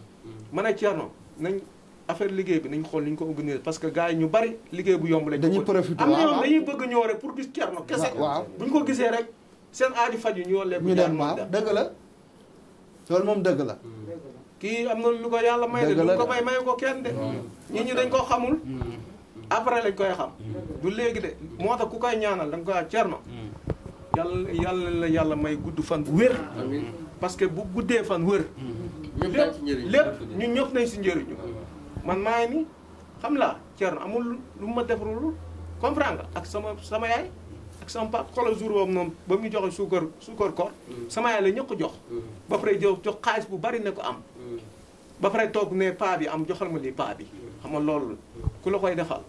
mën a Thierno nañ affaire liggéey bi nañ xool ni ñu ko organiser parce que gars yi ñu bari liggéey bu yomb lañ. dañuy profité am na yoon bëgg ñëw rek pour gis Thierno kese. bu ñu ko gisee rek seen aadi faj yu ñu leen. ñu dem waaw dëgg la loolu moom dëgg la. kii am na lu ko yàlla may de lu ko may ko kenn de. Mm. nit ñi dañ ko xamul. Mm. après lañ koy xam. Mm. du léegi de moo tax ku koy ñaanal da nga koy Thierno yàlla yàlla la yàlla may gudd fan wér. parce que bu guddee fan wér. lépp lépp ñu ñëpp nañ si njëriñu. man maa ni xam laa Thierno amul lu ma defarul comprendre nga ak sama sama yaay ak sama papa xoolal jour boobu noonu ba mu joxe suukar suukar koor. Mm. sama yaay la ñu jox. Mm. ba pare jox jox xaalis bu bari ne ko am. Mm. ba pare toog ne paa bi am joxal ma lii paa bi xam nga loolu ku la koy defal.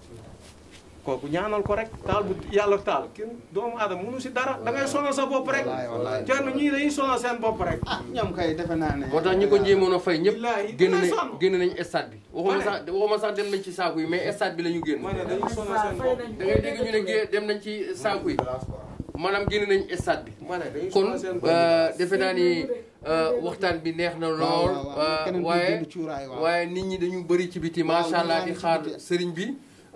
kooku ñaanal ko rek taal bu yàlla taal kenn doomu aadama mënu si dara da ngay sonal sa bopp rek kenn ñii dañuy sonal seen bopp rek ah ñoom kay defe naa ne moo tax ñi ko jéemoon a fay ñëpp génn nañ génn nañ stade bi waxuma sax waxuma sax dem nañ ci bi la ñu dégg ñu ne dem nañ ci saaku yi maanaam génn nañ stade bi kon euh, defe naa ni euh, waxtaan bi neex na lool euh, waaye waaye nit ñi dañu bëri ci biti macha allah di xaar sëriñ bi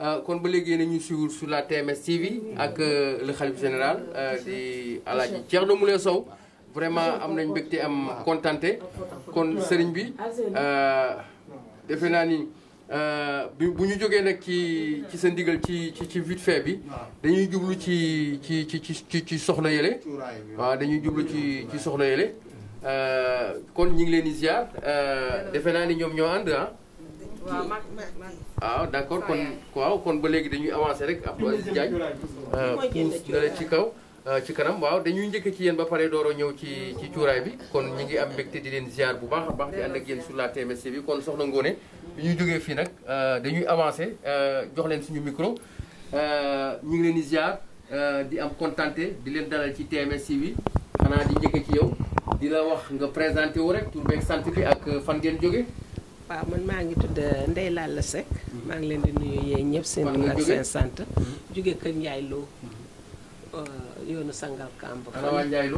Euh, kon ba léegi nañu suivre su la TMS TV ak euh, le xalif général euh, di Alaaji Thierno Moule Sow vraiment am nañ mbégte am contenté kon sëriñ bi defe naa ni bi bu ñu jógee nag ci ci sa ndigal ci ci ci vite fait bi dañuy jublu ci ci ci ci ci soxna yële waaw dañuy jublu ci ci soxla yële kon ñu ngi leen di ziar defe naa ni ñoom ñoo ànd ah waaw man man. Ah, d' accord kon waaw kon ba léegi dañuy avancer rek Abdou Aziz Diagne. puus euh, ci kaw. Euh, ci kanam waaw dañuy njëkk ci yéen ba pare dooroo ñëw ci ci cuuraay bi kon ñu ngi am mbégte di leen ziar bu baax a baax di ànd ak yéen sur la TMS bi kon soxla Ngone bi ñuy jógee fii nag euh, dañuy avancé jox leen suñu micro ñu ngi leen di ziar di am contenté di leen dalal ci TMS bi xanaa di njëkk ci yow di la wax nga présenté wu rek tur beeg sant bi ak fan ngeen jóge waaw man maa ngi tudd euh, Ndeye Lalla Seck. Mhm. maa ngi leen di nuyu yéen ñëpp seen tur ak seen sant. Mhm. jóge kër Ndiaye Lo. Euh, yoonu sangal kàmb. ana waa Ndiaye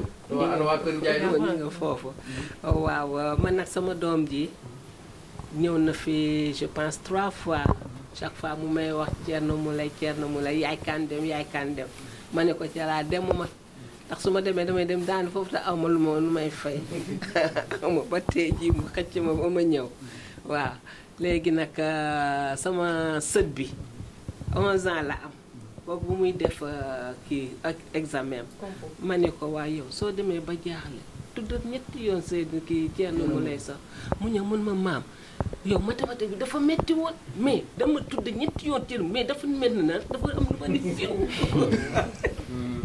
foofu. Mhm. Oh, waaw euh, man nag sama doom ji ñëw na fi je pense trois fois chaque fois mu may wax Thierno Moulé Thierno Moulé yaay kan dem yaay kan dem ma ne ko ca dem demuma ndax su ma demee damay dem daanu foofu te aw ma lu ma may fay <laughs> aw ma ba tey jii mu xëcc ma ba ma ñëw. waaw léegi nag euh, sama sët bi 11 ans la am boobu bu muy def euh, kii ak examen ma ne ko waa yow soo demee ba jaaxle tuddat ñetti yoon seen kii ceen mu mm. lay sax mu ñëw mën ma maam yow mathématique bi dafa metti woon mais dama tudd ñetti yoon téere mais dafa mel na dafa am lu ma ni fiw mm.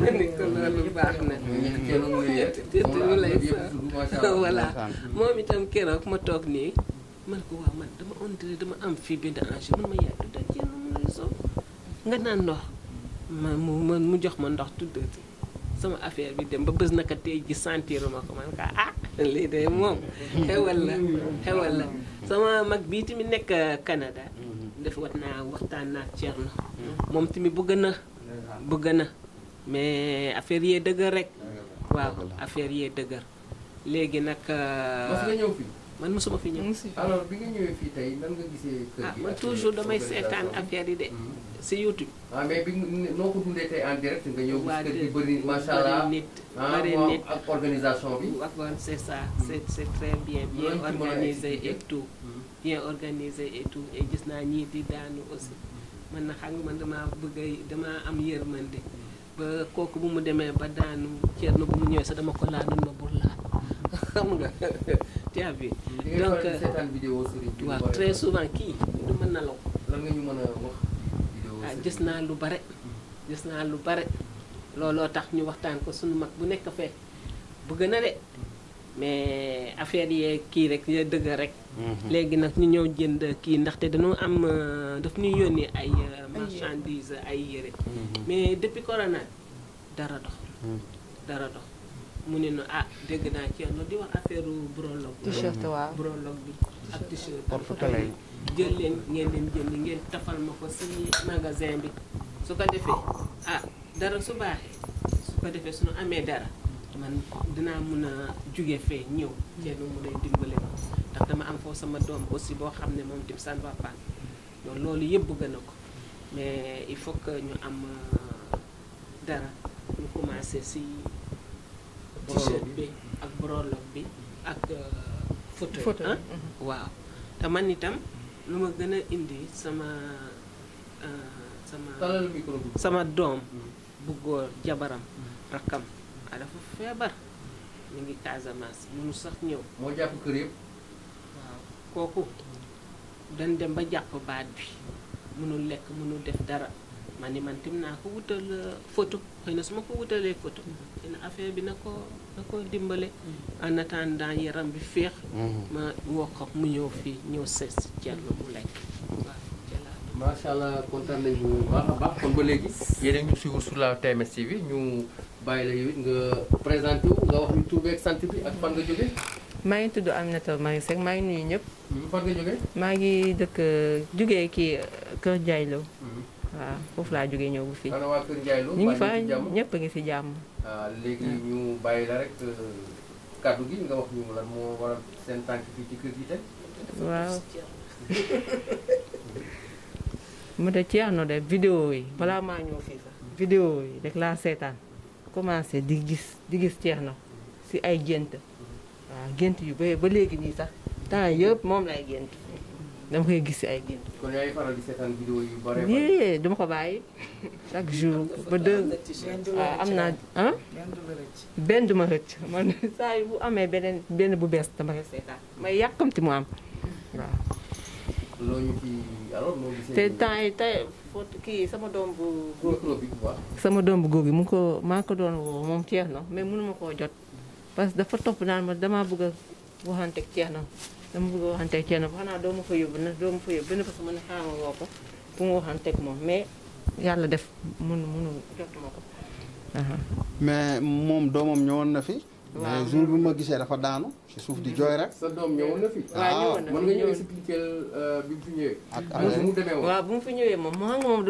ma ne ko loolu baax na téere mu lay sax voilà moom itam keroog ma toog nii man ko waaw man dama on dama am fii benn enjeu man ma yaay du daj yenn mu réseau nga naan ndox ma mu man mu jox ma ndox tuddati sama affaire bi dem ba bés naka tey ji sentir ma ko man ka ah lii de moom xewal la xewal la sama mag bii tamit nekk Canada def wat naa waxtaan naa Thierno moom tamit bëgg na bëgg na mais affaire yee dëgër rek waaw affaire yee dëgër léegi nag man mosuma fi ñëw. alors bi nga ñëwee fii tey nan nga gisee. kër gi ah, damay seetaan affaire yi de. Hmm. si YouTube. ah mais bi noo ko dundee tey en direct nga ñëw. waa kër gi bëri macha nit ah, bëri nit ak organisation bi. waaw ça hmm. est c' est très bien. Hmm. bien organisé et tout. bien organisé et gis naa ñii di daanu aussi. man na xam nga man damaa bëgg a damaa am yërmande. ba kooku bu mu demee ba daanu ceerno bu mu ñëwee sax dama ko laadoon ma bur laal. xam nga tu as <laughs> donc waaw très souvent kii du mën na law. lan ñu mën a wax. Ah, gis naa lu bare. gis naa lu bare looloo tax ñu waxtaan ko suñu mag bu nekk fee gën a de mais affaire yee kii rek ya dëgg rek. Mhm. léegi nag ñu ñëw jënd kii ndaxte dañoo am euh, daf ñuy yónnee ay marchandise euh, ay yére. Mhm. mais depuis corona dara dox. Mhm. dara dox. mu ne nu ah dégg naa Thierno di wax affaire brologue. t-shirt waaw brologue bi ak t-shirt. porte-clés yi jël leen ngeen dem jëndi ngeen tafal ma ko si magasin bi su ko defee ah dara su baaxee su ko defee suñu amee dara man dinaa mun a jóge fee ñëw. Thierno mu lay dimbale ma ndax dama am foofu sama doom aussi boo xam ne moom tim ça ne va pas donc loolu yëpp bëgg na ko mais il faut que ñu am euh, dara ñu commencé si. t-shirt bi ak broloog bi ak photo euh, mm-hmm. waaw te man itam lu ma gën a indi sama euh, sama sama doom mm-hmm. bu góor jabaram mm-hmm. rakkam a ah, dafa feebar mu ngi Casamance mënu sax ñëw moo jàpp kooku dañ dem ba jàpp baat bi mënul lekk mënul def dara ma ni man tim naa ko wutal euh, photo xëy na su ma ko wutalee photo dina mm-hmm. affaire bi na ko na ko dimbale mm-hmm. en attendant yaram bi féex mm-hmm. ma woo mu ñëw fii ñëw sees Thierno mu lekk macha allah kontaan nañu bu maa ngi tudd Aminata Marie Seck maa ngi nuyu ñëpp. maa ngi dëkk jógee kii Kër Ndiaye waaw foofu laa jóge ñëw bu fii. ñu ngi fa ñëpp a ngi si jàmm. Ah, léegi ñu bàyyi la rek euh, waaw. <laughs> mu de Thierno de vidéo yi balaa maa ñëw fii sax. vidéo yi rek laa seetaan commencé di gis di gis Thierno si ay gént. Mm-hmm. waaw gént yu bëri ba léegi nii sax temps yëpp moom lay gént. dama koy gis si ay gént. kon dama ko bàyyi chaque jour ba deux ah, am naa benn du ma rëcc man saa yu bu amee beneen benn bu bees dama koy may yàkkamti mu am waaw. te temps yi tey kii sama doom bu bi sama doom bu góor bi mu ko maa ko doon woo moom ceex na mais mënuma koo jot parce que dafa topp naan ma damaa bëgg a waxante ceex na. dama bëgg a waxanteeg kenn ba xanaa doo ma fa yóbbu nag doo ma fa yóbbu benn parce que man xaaral woo ko pour ma moom mais yàlla def mënu mënu moom doomam ñëwoon na fi. waaw ma gisee dafa daanu. suuf di jooy rek. sa doom ñëwoon nga ñu expliquer euh, bi mu ñëwee. moom moo xam moom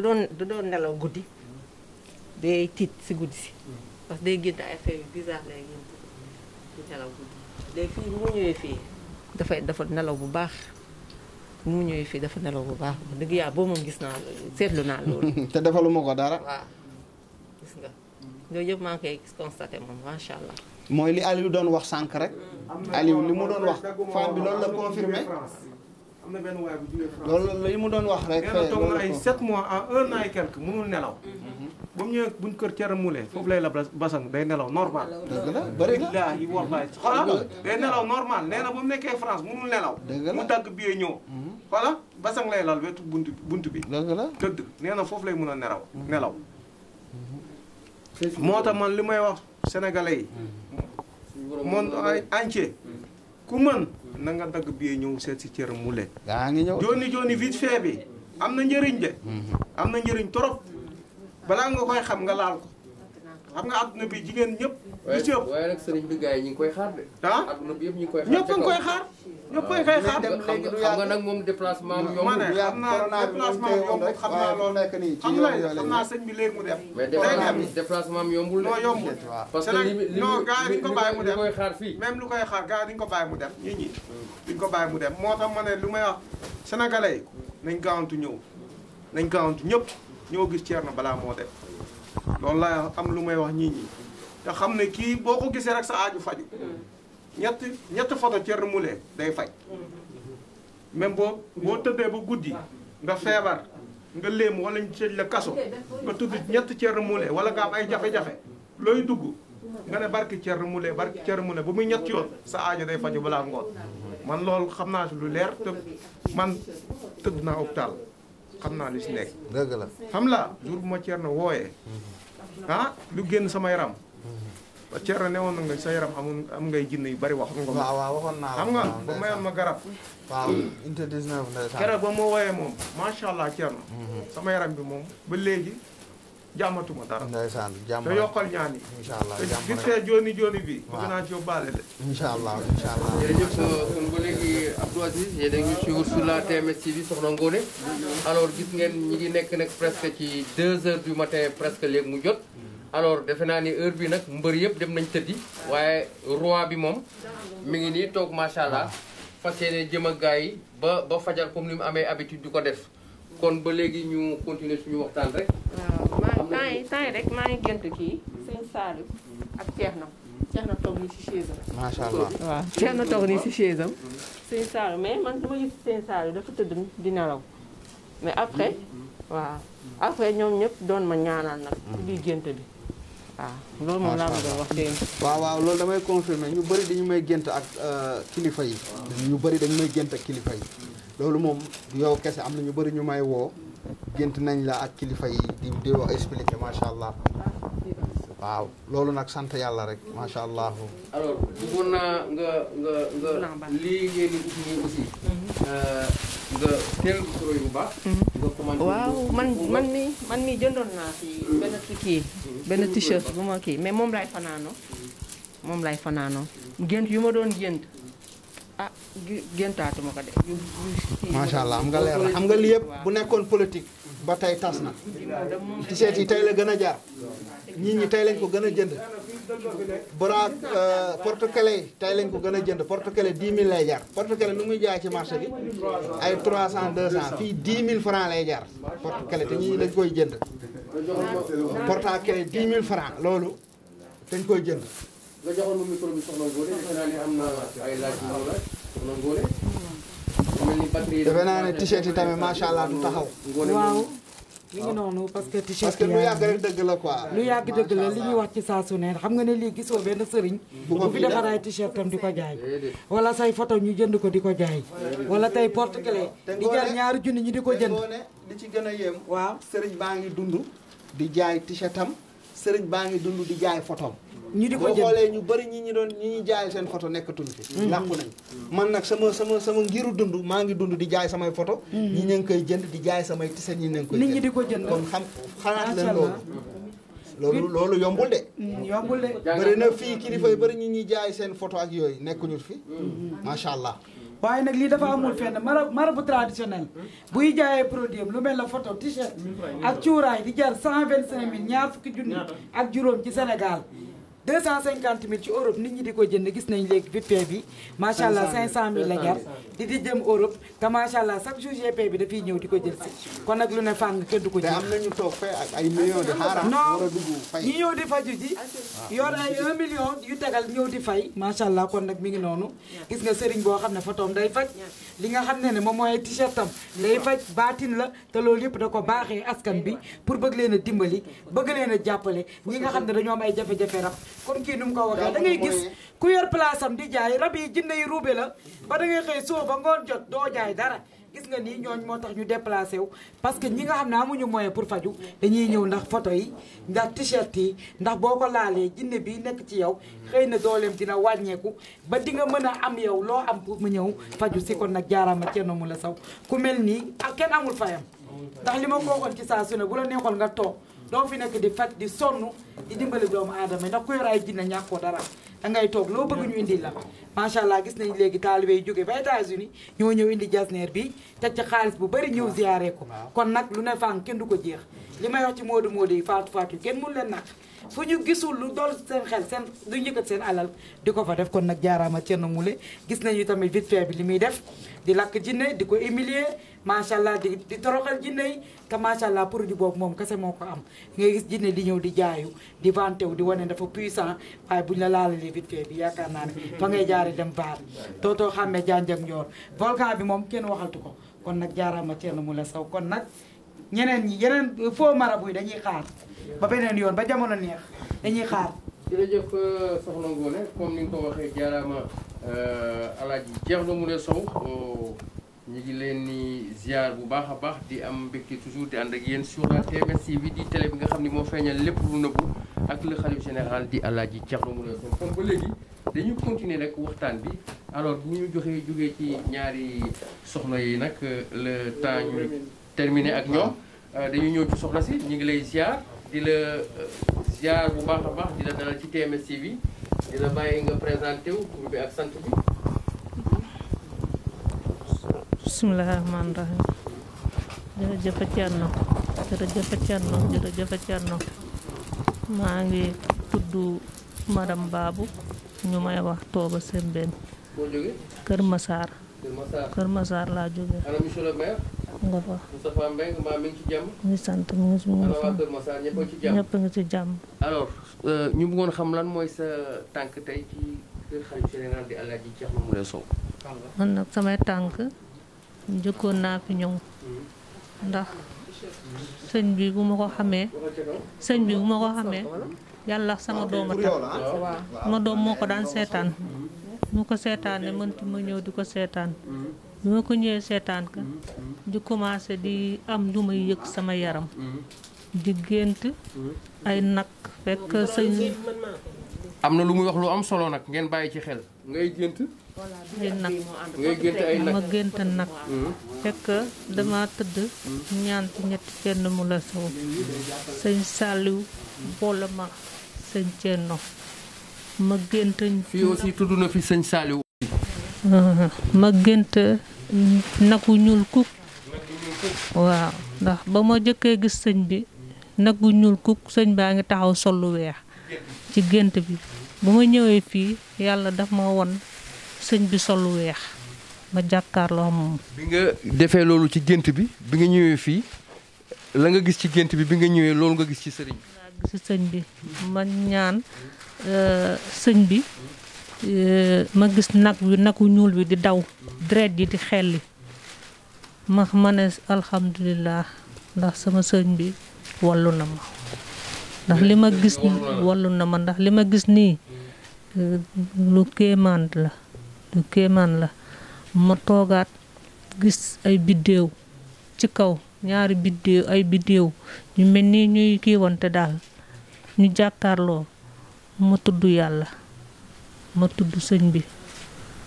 doon nelaw guddi. day tiit si guddi si. parce que day gént ay affaire yu lay gént si nelaw guddi. léegi fii bu mu ñëwee fii. dafay dafa nelaw bu baax mu ñëwee fii dafa nelaw bu baax dëgg yaa boo moom gis naa seetlu naa loolu. <laughs> te defaluma ko dara. waaw gis nga yooyu yëpp maa ngi koy constaté moom macha allah. mooy li Aliou doon wax sànq rek. Hmm. Aliou li mu doon wax femme bi loolu la confirmé. am na benn waay bu jugee France loolu mu doon wax rek. fay loolu mois en 1 an et quelque mënul nelaw. Mhm. ba mu ñëwee buñ kër Thierno Moule foofu lay la basang day nelaw normal. dëgg la bëri na la yi war naa xoolal day nelaw normal nee na ba mu nekkee France mënul nelaw. dëgg la mu dagg biyee ñëw. xoolal mhm. basang lay lal wetu bunt bunt bi. dëgg la tëdd nee na foofu lay mën a neraw mhm. nelaw. moo tax man li may wax sénégalais yi. monde entier ku mën. na nga bi biyee ñëw seet si Thierno Moule. daa ngi ñëw jooni jooni vite fait bi am na njëriñ de. Mhm. am na njëriñ trop balaa nga koy xam nga laal ko xam nga adduna bi jigéen ñëpp. lu ci ëpp waaye nag sëriñ bi gars yi ñu ngi koy xaar de. Ah? yëpp ñu ngi koy xaar ñëpp koy xaar. ñëpp koy xëy xaar xam nga nag moom déplacement moom yomb. xam naa déplacement am yombul xam naa loolu xam nga xam lu koy xaar gars yi duñ ko mm. ko bàyyi mu dem moo tax ma ne lu may wax sénégalais yi nañ gaawantu ñëw nañ gaawantu ñëpp ñoo gis Thierno balaa moo dem loolu laa am lu may wax ñii ñii te xam ne kii boo ko gisee rek sa aju faju mm. ñett ñett photo Thierno Moule day faj même boo boo tëddee ba guddi nga feebar nga léem wala ñu tëj la kaso nga tudd ñett Thierno Moule wala nga am ay jafe-jafe looy dugg nga ne barki Thierno Moule barki Thierno Moule bu muy ñetti yoon sa aajo day faju balaa ngoon man loolu xam naa si lu leer te man tëdd naa hôpital xam naa li si nekk. dëgg la xam la jour bu ma Thierno wooyee ah lu génn sama yaram. Thierno ne woon nga sa yaram amul am ngay jinne yu bari wax. waaw waaw waxoon naa xam nga ba am ma garab. waaw unité 19 ndeysaan. keroog ba ma wooyee moom macha allah Thierno. Mhm. sama yaram bi moom ba léegi jàmmatuma dara. ndeysaan jàmm te yokkal ñaan yi. incha allah jàmm te jooni jooni bi. waaw bëgg naa ci yóbbaale la. incha allah incha allah. jërëjëf kon euh, ba a ngi suivre sur la TMS TV gis ngeen ñi ngi nekk nag presque ci 2 heures du matin presque léegi mu jot. alors defe naa ni heure bi nag mbër yëpp dem nañ tëddi waaye roi bi moom mu ngi nii toog macha allah fas yéene jëm ak yi ba ba fajar comme ni mu amee habitude du ko def kon ba léegi ñu continuer suñu waxtaan rek. waaw maa ngi temps yi rek maa ngi gënt kii sëñ Saliou ak Thierno Thierno toog nii si chaise am. macha allah waaw Thierno toog nii si chaise am. sëñ Saliou mais man dama yëg sëñ Saliou dafa tëdd di nelaw mais après waaw ñoom ñëpp doon ma ñaanal nag ci biir bi. waaw ah. loolu moom waaw waaw loolu damay confirmer ñu bëri dañu may gént ak euh, kilifa yi ñu bëri dañu may gént ak kilifa yi loolu moom yow kese am na ñu bëri ñu may woo gént nañ la ak kilifa yi di di expliqué macha allah waaw loolu nag sant yàlla rek macha allah. alors bëggoon naa mhm. euh, mhm. waaw man man mi man mi jëndoon naa fi benn kii. benn t-shirt bu ma kii mais moom laay fanaanoo moom laay fanaanoo gént yu ma doon gént ah géntaatuma ko de macha allah am nga leer na xam nga li yëpp bu nekkoon politique ba tey tas na t yi tey la gën a jaar ñii ñi tey lañ ko gën a jënd bras euh, porte-clés yi tey lañ ko gën a jënd porte-clés 10 000 lay jar porte-clés muy jaay ci marché bi ay 300 200 fii 10 000 francs lay jar porte te ñii lañ koy jënd portant clé dix mille francs loolu dañ koy jënd. nga joxoon ma defe naa ne am na ay t-shirt yi tamit macha allah du taxaw. waaw. mi ngi que t-shirt parce que lu yàgg rek dëgg la lu yàgg dëgg la li ñuy wax ci saa su ne xam nga ne lii gisoo benn sëriñ. bu ko fi defar t-shirt tam di ko jaay. wala say photo ñu jënd ko di ko jaay. wala tey porte clé di jar ñaari junni ñi di ko jënd. li gën a yem. waaw baa ngi dund. di jaay t-shirtam sëriñ baa ngi dund di jaay photom ñu di ko jël boo xoolee ñu bëri ñi ñu doon ñi ñuy jaay seen photo nekkatuñ fi. Mm-hmm. làqu man nag sama sama sama ngiru dund maa ngi dund di jaay samay photo mm-hmm. ñi ñu ngi koy jënd di jaay samay tiset ñi ngi koy jënd nit ñi di ko jënd kon xam xalaat leen loolu. loolu loolu yombul de. Mm, bëri na fii kilifa yi bëri ñi ñuy jaay seen photo ak yooyu nekkuñu fi. Mm-hmm. macha allah. waaye nag lii dafa amul fenn mara marabu traditionnel buy jaayee produit am lu mel la photo t-shirt ak cuuraay di jar cent vingt cinq mille ñaar fukki junni ak juróom ci Sénégal 250 000 ci Europe nit ñi di ko jënd gis nañ léegi GP bi macha allah 500 000 la jar di di jëm Europe allah chaque jour GP bi dafiy ñëw di ko jël kon nag lu ne fàng kenn ko jël. te am toog ak a dugg fay ñi di faju ji ah. yor ay 1 million yu tegal ñëw di fay macha allah kon nag mi ngi noonu gis nga sëriñ boo xam ne fotoom day faj li nga xam ne ne moom mooy t-shirtam day faj baatin la te loolu yëpp da ko baaxee askan bi pour bëgg leen a dimbali bëgg leen a jàppale ñi nga xam ne dañoo am ay jafe-jafe rab comme kii nu mu ko waxee da ngay gis ku yor place am di jaay rab yi jinne yi ruube la ba da xëy soo ba ngoon jot doo jaay dara gis nga nii ñooñ moo tax ñu déplacé wu parce que ñi nga xam ne amuñu moyen pour faju dañuy ñëw ndax foto yi ndax t-shirt yi ndax boo ko laalee jinne bi nekk ci yow xëy na dooleem dina wàññeeku ba di nga mën a am yow loo am pour mu ñëw faju si kon nag jaaraama Thierno Moule saw ku mel nii ak kenn amul fayam ndax li ma kookoon ci bu la nga toog doo fi nekk di faj di sonn di dimbali doomu aadama ndax ko yor ay jinne ñàkkoo dara da ngay toog loo bëgg ñu indi la macha allah gis nañ léegi taalibe yi jóge ba États-Unis ñoo ñëw indi jasneer bi te ci xaalis bu bari ñëw ziyaare ko kon nag lu ne fànk kenn du ko jeex li ma wax ci moodu moodu yi faatu faatu kenn mun leen naq fu ñu gisul lu dool seen xel seen du yëkkat seen alal di ko fa def kon nag jaaraama Thierno Moule gis nañu tamit vite bi li muy def di lakk jinne di ko humilier macha allah di di toroxal jinne yi te macha allah produit boobu moom kese moo ko am ngay gis jinne di ñëw di jaayu di vanté wu di wane dafa puissant waaye buñ la laalalee vite fait bi yaakaar naa ne fa ngay jaare dem baar tootoo xàmmee janjak njoor volcan bi moom kenn waxatu ko kon nag jaaraama teel mu la saw kon nag ñeneen ñi yeneen faux marabout dañuy xaar ba beneen yoon ba jamono neex dañuy xaar. jërëjëf euh, soxna ni ko waxee jaaraama euh, alaaji jeex na mu ne sow. ñu ngi leen ni ziar bu baax a baax di am mbégte toujours di ànd ak yéen sur la TMS bi di télé bi nga xam ni moo feeñal lépp lu nëbbu ak le xalif général di Alaaji Thierno Moule Sow kon ba léegi dañu continuer rek waxtaan bi alors ñu joxe jóge ci ñaari soxna yi nag euh, le temps ñu terminé ak ñoom euh, dañu ñëw ci soxna si ñu ngi lay ziar di la euh, ziar bu baax a baax di la dalal ci TMS TV di la bàyyi nga présenté wu bi ak sant bi. bisimilah rahmaani rahiim jërëjëf Thierno jërëjëf Thierno jërëjëf Thierno maa ngi tudd madame baabu ñu may wax Tooba Sembène Kër masaar Kër masaar laa jóge nga fa Moustapha Mbengue mbaa ngi ci ngi sant mi ngi ñëpp jàmm alors euh, ñu bëggoon xam lan mooy sa tànk tey ci kër xalifa général di Alaaji Thierno Moule Sow man nag samay tànk njëkkoon naa fi ñëw ndax sëñ bi bu ma ko xamee sëñ bi bu ma ko xamee yàlla sama doom a sama doom moo ko daan seetaan mu ko seetaane mënti ma ñëw di ko seetaan bi ma ko ñëwee seetaan ka di commencé di am lu may yëg sama yaram di gént ay nag fekk sëñ am na lu muy wax lu am solo nag ngeen bàyyi ci xel jël nag ma gént nag hmm. fekk dama tëdd hmm. ñaan ci ñetti cenn mu la sow ma sëñ Cenno ma gént fii aussi na fi sëñ ñuul kuk waaw ndax ba ma jëkkee gis sëñ bi nag nagu ñuul kuk sëñ baa ngi taxaw sol lu weex ci gént bi bu ma ñëwee fii yàlla daf ma won sëñ bi sol lu weex ma jàkkaarloo moom. bi nga defee loolu ci gént bi bi nga ñëwee fii la nga gis ci gént bi bi nga ñëwee loolu nga gis ci sëriñ bi. laa sëñ bi man ñaan euh, sëñ bi euh, ma gis nag wi nag nagu ñuul wi di daw deret yi di xelli ma ma ne alhamdulilah ndax sama sëñ bi wallu na ma ndax li ma gis wallu na nii euh, lu kéemaant la lu kéemaan la ma toogaat gis ay biddéew ci kaw ñaari biddéew ay biddéew ñu mel ni ñuy kiiwante daal ñu jàkkaarloo ma tudd yàlla ma tudd sëñ bi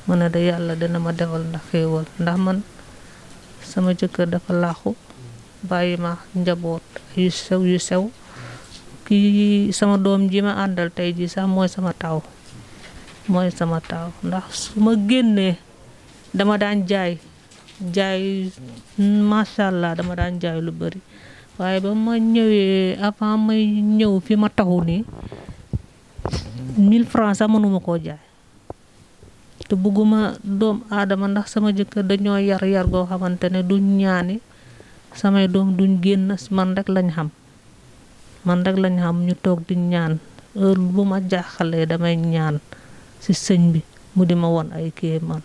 ma na de yàlla dana ma defal ndax xéewal ndax man sama jëkkër dafa laaxu bàyyi ma njaboot yu sew yu sew kii sama doom ji ma àndal tey ji sax mooy sama taw mooy sama taaw ndax su ma génnee dama daan jaay jaay macha allah dama daan jaay lu bari waaye ba ma ñëwee avant may ñëw fii ma taxu nii mille francs sax mënuma koo jaay te bëgguma doom aadama ndax sama jëkkër dañoo yar yar goo xamante ne duñ ñaani samay doom duñ génn man rek lañ xam man rek lañ xam ñu toog di ñaan heure bu ma jaaxalee damay ñaan si sëñ bi mu di ma won ay kii man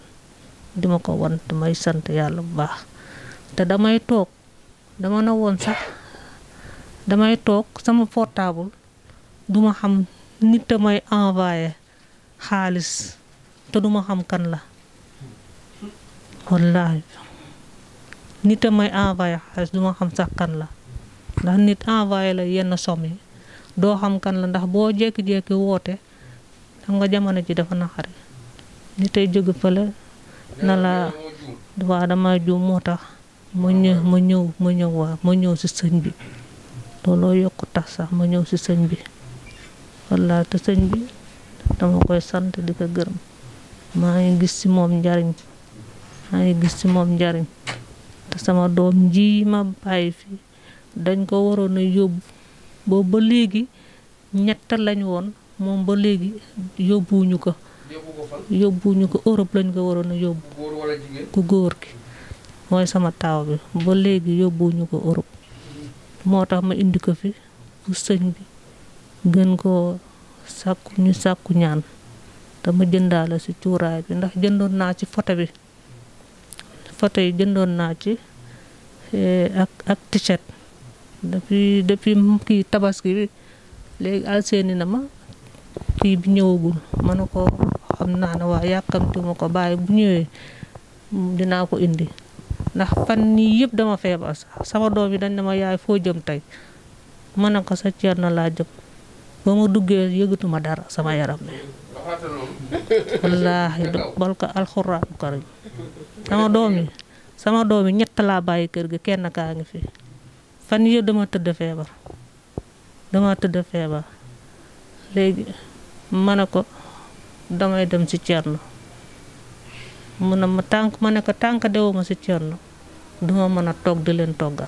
di ma ko won damay sant yàlla bu baax te damay toog dama ne woon sax damay toog sama portable duma xam nit a may envoyé xaalis te duma xam kan la wallaahi nit a may envoyé xaalis duma la ndax nit envoyé la yenn somme yi doo xam kan la ndax boo jékki-jékki woote xam nga jamono ji dafa naqari ni tey jóge fële na la waa dama juum moo tax ma ñëw ma ñëw waa ma ñëw si sëñ bi looloo yokk tax sax ma ñëw si sëñ bi walla te sëñ bi dama koy sant di ko gërëm maa ngi gis si moom njariñ maa ngi gis si moom njariñ te sama doom ji ma bàyyi fi dañ ko waroon a yóbbu boobu ba léegi ñett lañu woon moom ba léegi yóbbuwuñu ko. yóbbuwuñu ko Europe lañ ko waroon a yóbbu. ku góor ki mooy sama taaw bi ba léegi yóbbuwuñu ko Europe. moo tax ma indi ko fi bu sëñ bi gën koo sàkku ñu sàkku ñaan dama jëndaale si cuuraay bi ndax jëndoon naa ci photo bi photo yi jëndoon naa ci eh, ak ak t-shirt depuis depuis kii tabaski bi léegi alseeni na ma prix bi ñëwagul ma ne ko xam naa ne waa yàkkamtiwuma ko bàyyi bu ñëwee dinaa ko indi ndax fan nii yëpp dama feebar sama doom yi dañ ne ma yaay foo jëm tey ma ne ko sa ceer na laa jëm boo ma duggee yëgatuma dara sama yaram ne wallaahi balka alxuraanu karim sama doom yi sama doom yi ñett laa bàyyi kër gi kenn kaa ngi fi fan yëpp dama tëdd feebar dama tëdd feebar ma ne ko damay dem si Thierno mu ne ma tànk ma ne ko tànk dewuma si Thierno duma mën a toog di leen togga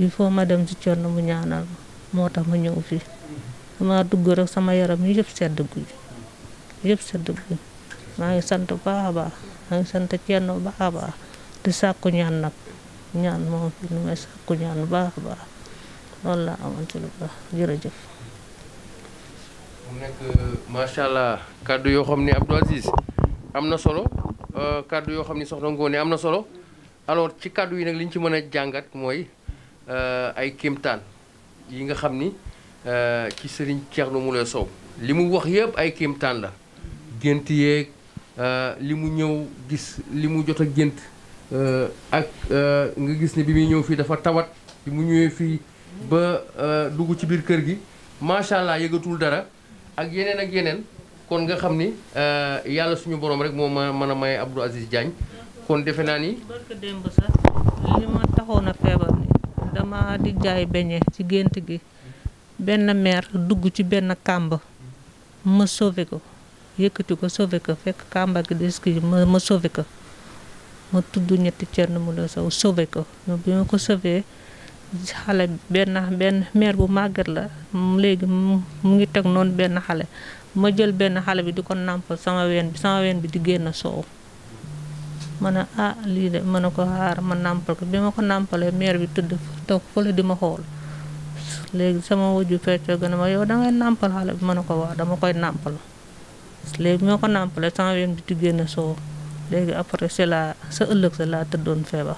il faut ma dem si Thierno mu ñaanal ma moo tax ma ñëw fi dama dugg rek sama yaram yëpp sedd guy yëpp sedd guy maa ngi sant baax a baax maa ngi sant Thierno baax a baax di sàkku ñaan nag ñaan moom fi nu may sàkku ñaan baax a baax loolu laa amoon ci lu baax jërëjëf mu nekk macha allah kàddu yoo xam ni Abdou Aziz am na solo euh, kàddu yoo xam ni soxna Ngoné am na solo alors ci kàddu yi nag li ñu ci mën a jàngat mooy euh, ay kéemtaan yi nga xam ni euh, ci sëriñ Thierno Moule Sow li mu wax yëpp ay kéemtaan la gént yeeg li mu ñëw gis li mu jot a gént ak nga gis ni bi muy ñëw fii dafa tawat bi mu ñëwee fii ba dugg ci biir kër gi macha allah yëgatul dara ak yeneen ak yeneen kon nga xam ni euh, yàlla suñu borom rek moo ma mën a may Abdou Aziz Diagne kon defe naa ni. barka démb sax li ma taxoon a feebar dama di jaay beñe ci gént gi benn meer dugg ci benn kàmb ma sove ko yëkkati ko sauvé ko fekk kàmba gi des ki ma ma sauvé ko ma tudd ñetti cern mu la saw sauvé ko bi ma ko sauvé. xale benn benn mère bu màggat la léegi mu ngi teg noonu benn xale ma jël benn xale bi di ko nàmpal sama ween bi sama ween bi di génn soow ma ne ah lii de ma ko ma nàmpal ko bi ma bi tëdd toog fële di ma xool léegi sama wujju fecco gën a ma nàmpal xale bi ne ko waaw dama koy nàmpal léegi bi ko nàmpalee sama ween bi di génn soow léegi après c'est la sa ëllëg sa laa tëddoon feebar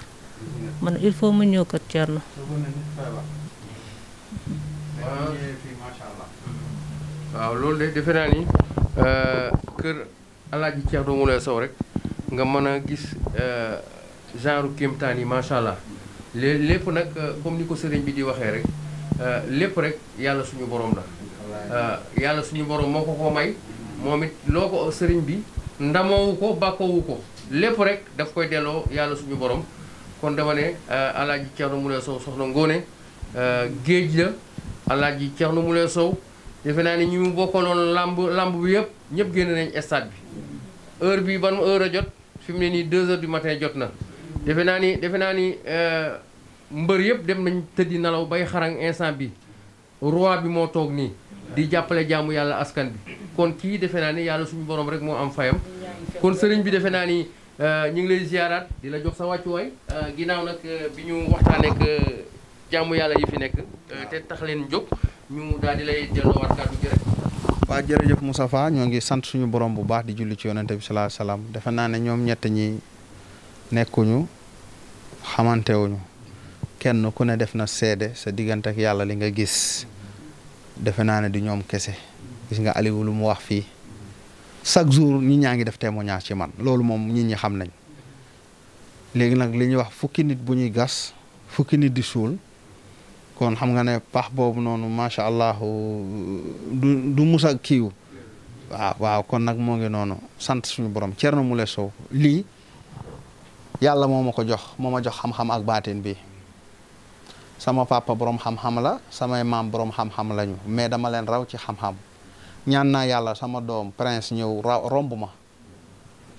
ma ne il faut mu ñëw kat Thierno bëggoon waaw loolu de defe naa ni kër Alaaji Thierno Moule Sow rek nga mën a gis genre kéemtaan yi macha allah lépp nag comme ni ko sëriñ bi di waxee rek lépp rek yàlla suñu borom la. yàlla suñu borom moo ko ko may. moom it loo ko sëriñ bi ndamoowu ko bàkkoowu ko lépp rek daf koy delloo yàlla suñu borom. kon dama ne euh, alaaji Thierno Moule Sow soxna Ngone euh, géej la alaaji Thierno Moule Sow defe naa ni ñu mu bokkoonoon làmb làmb bi yëpp ñëpp génn nañ stade bi heure bi ban heure a jot fi mu ne nii 2 heures bi matin jot na defe naa ni defe naa ni euh, mbër yëpp dem nañ tëddi nelaw bay xaran instant bi roi bi moo toog nii di jàppale jaamu yàlla askan bi kon kii defe naa ni yàlla suñu borom rek moo am fayam kon sëriñ bi defe naa ni Euh, ñu ngi lay ziaraat di la jox sa wàccuwaay euh, ginnaaw nag euh, bi ñu waxtaanee ak jàmm yàlla yi fi nekk te tax leen jóg ñu daal di lay delloowaat kàddu gi rek. waaw jërëjëf Moustapha ñoo ngi sant suñu borom bu baax di julli ci yonante bi salaam defe naa ne ñoom ñett ñi nekkuñu xamantewuñu kenn ku ne def na seede sa diggante ak yàlla li nga gis defe naa ne di ñoom kese gis nga Aliou lu mu wax fii. chaque jour ñi ñaa ngi def témoignage ci man loolu moom nit ñi xam nañ léegi nag li ñuy wax fukki nit bu ñuy gas fukki nit di suul kon xam nga ne pax boobu noonu macha allah du du musa kiiw waaw waaw kon nag moo ngi noonu sant suñu borom mu Moule Sow lii yàlla moo ma ko jox moom a jox xam-xam ak baatin bi sama papa borom xam-xam la samay maam borom xam-xam lañu mais dama leen raw ci xam-xam. ñaan naa yàlla sama doom prince ñëw romb ma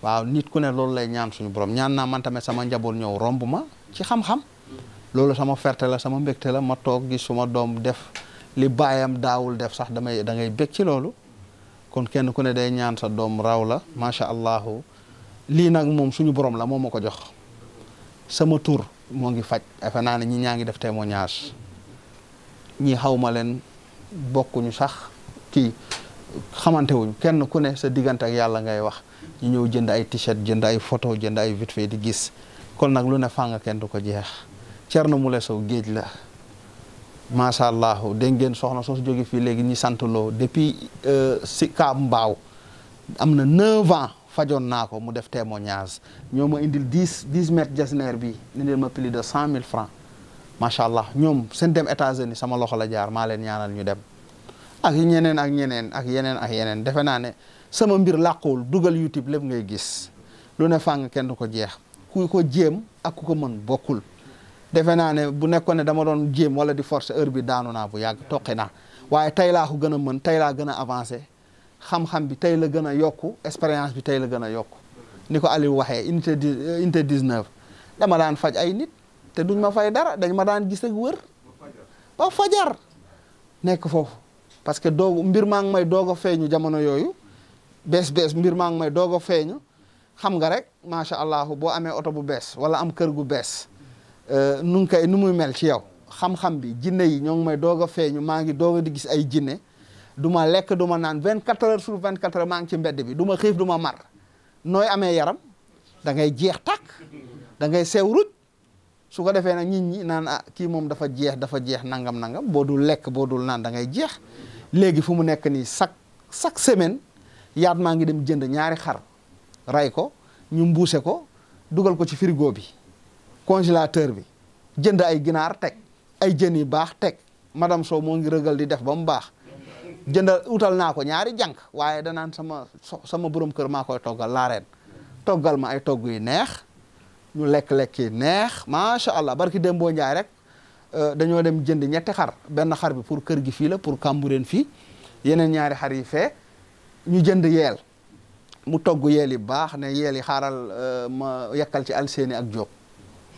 waaw nit ku ne loolu lay ñaan suñu borom ñaan naa man tamit sama njaboot ñëw romb ma ci xam-xam loolu sama ferte la sama mbégte la ma toog gis suma doom def li baayam daawul def sax damay da bég ci loolu kon kenn ku ne day ñaan sa doom raw la macha allahu lii nag moom suñu boroom la moom ma ko jox sama tur moo ngi faj defe naa ne ñi ñaa ngi def témoignage ñi xaw ma leen bokkuñu sax kii xamantewuñ kenn ku ne sa diggante ak yàlla ngay wax ñu ñëw jënd ay t-shirt jënd ay photo jënd ay vite fait di gis kon nag lu ne fànga kenn du ko jeex Thierno Moule Sow géej la macha allah dégg ngeen soxna soo jóge fii léegi ñi santu loo depuis euh, si kaab mbaaw am na 9 ans fajoon naa ko mu def témoignage ñoo ma indil 10 10 mètres jasneer bi indil ma plus de 100 000 francs macha allah ñoom seen dem États-Unis sama loxo la jaar maa leen ñaanal ñu dem. ak ñeneen ak ñeneen ak yeneen ak yeneen defe naa ne sama mbir làquwul dugal YouTube lépp ngay gis lu ne fàng kenn du ko jeex ku ko jéem ak ku ko mën bokkul defe naa ne bu nekkoon ne dama doon jéem wala di forcer heure bi daanu naa bu yàgg toqi naa waaye tey laa ko gën a mën tey laa gën a avancé xam-xam bi tey la gën a yokku expérience bi tey la gën a yokku ni ko Aliou waxee unité di unité 19 dama daan faj ay nit te duñ ma fay dara dañ ma daan gis ak wër ba fajar nekk foofu parce que doo mbir maa ngi may doog feeñu jamono yooyu bees bees mbir maa ngi may doog a feeñu xam nga rek macha allah boo amee oto bu bees wala am kër gu bees euh, nu ngi koy nu muy mel ci yow xam-xam bi jinne yi ñoo ngi may doog a feeñu maa ngi doog di gis ay jinne duma lekk du ma naan 24 heures sur 24 heures maa ngi ci mbedd bi du ma xiif du mar nooy amee yaram da ngay jeex tàkk da ngay sew ruj su ko defee nag nit ñi naan a ah, kii moom dafa jeex dafa jeex nangam nangam boo dul lekk boo dul naan da ngay jeex léegi fu mu nekk nii chaque chaque semaine yaat maa ngi dem jënd ñaari xar ray ko ñu mbuuse ko dugal ko ci frigo bi congélateur bi jënd ay ginaar teg ay jën yu baax teg madame Sow moo ngi rëgal di def ba mu baax jëndal utal naa ko ñaari jànk waaye danaan sama sama borom kër maa koy toggal laa reen toggal ma ay togg yu neex ñu lekk-lekk neex macha allah barki dem boo njaay rek Euh, dañoo dem jënd ñetti xar benn xar bi pour kër gi fii la pour Cambérène fii yeneen ñaari xar yi fee ñu jënd yeel mu togg yeel yi baax ne yeel yi xaaral euh, ma yekkal ci alseeni ak Diop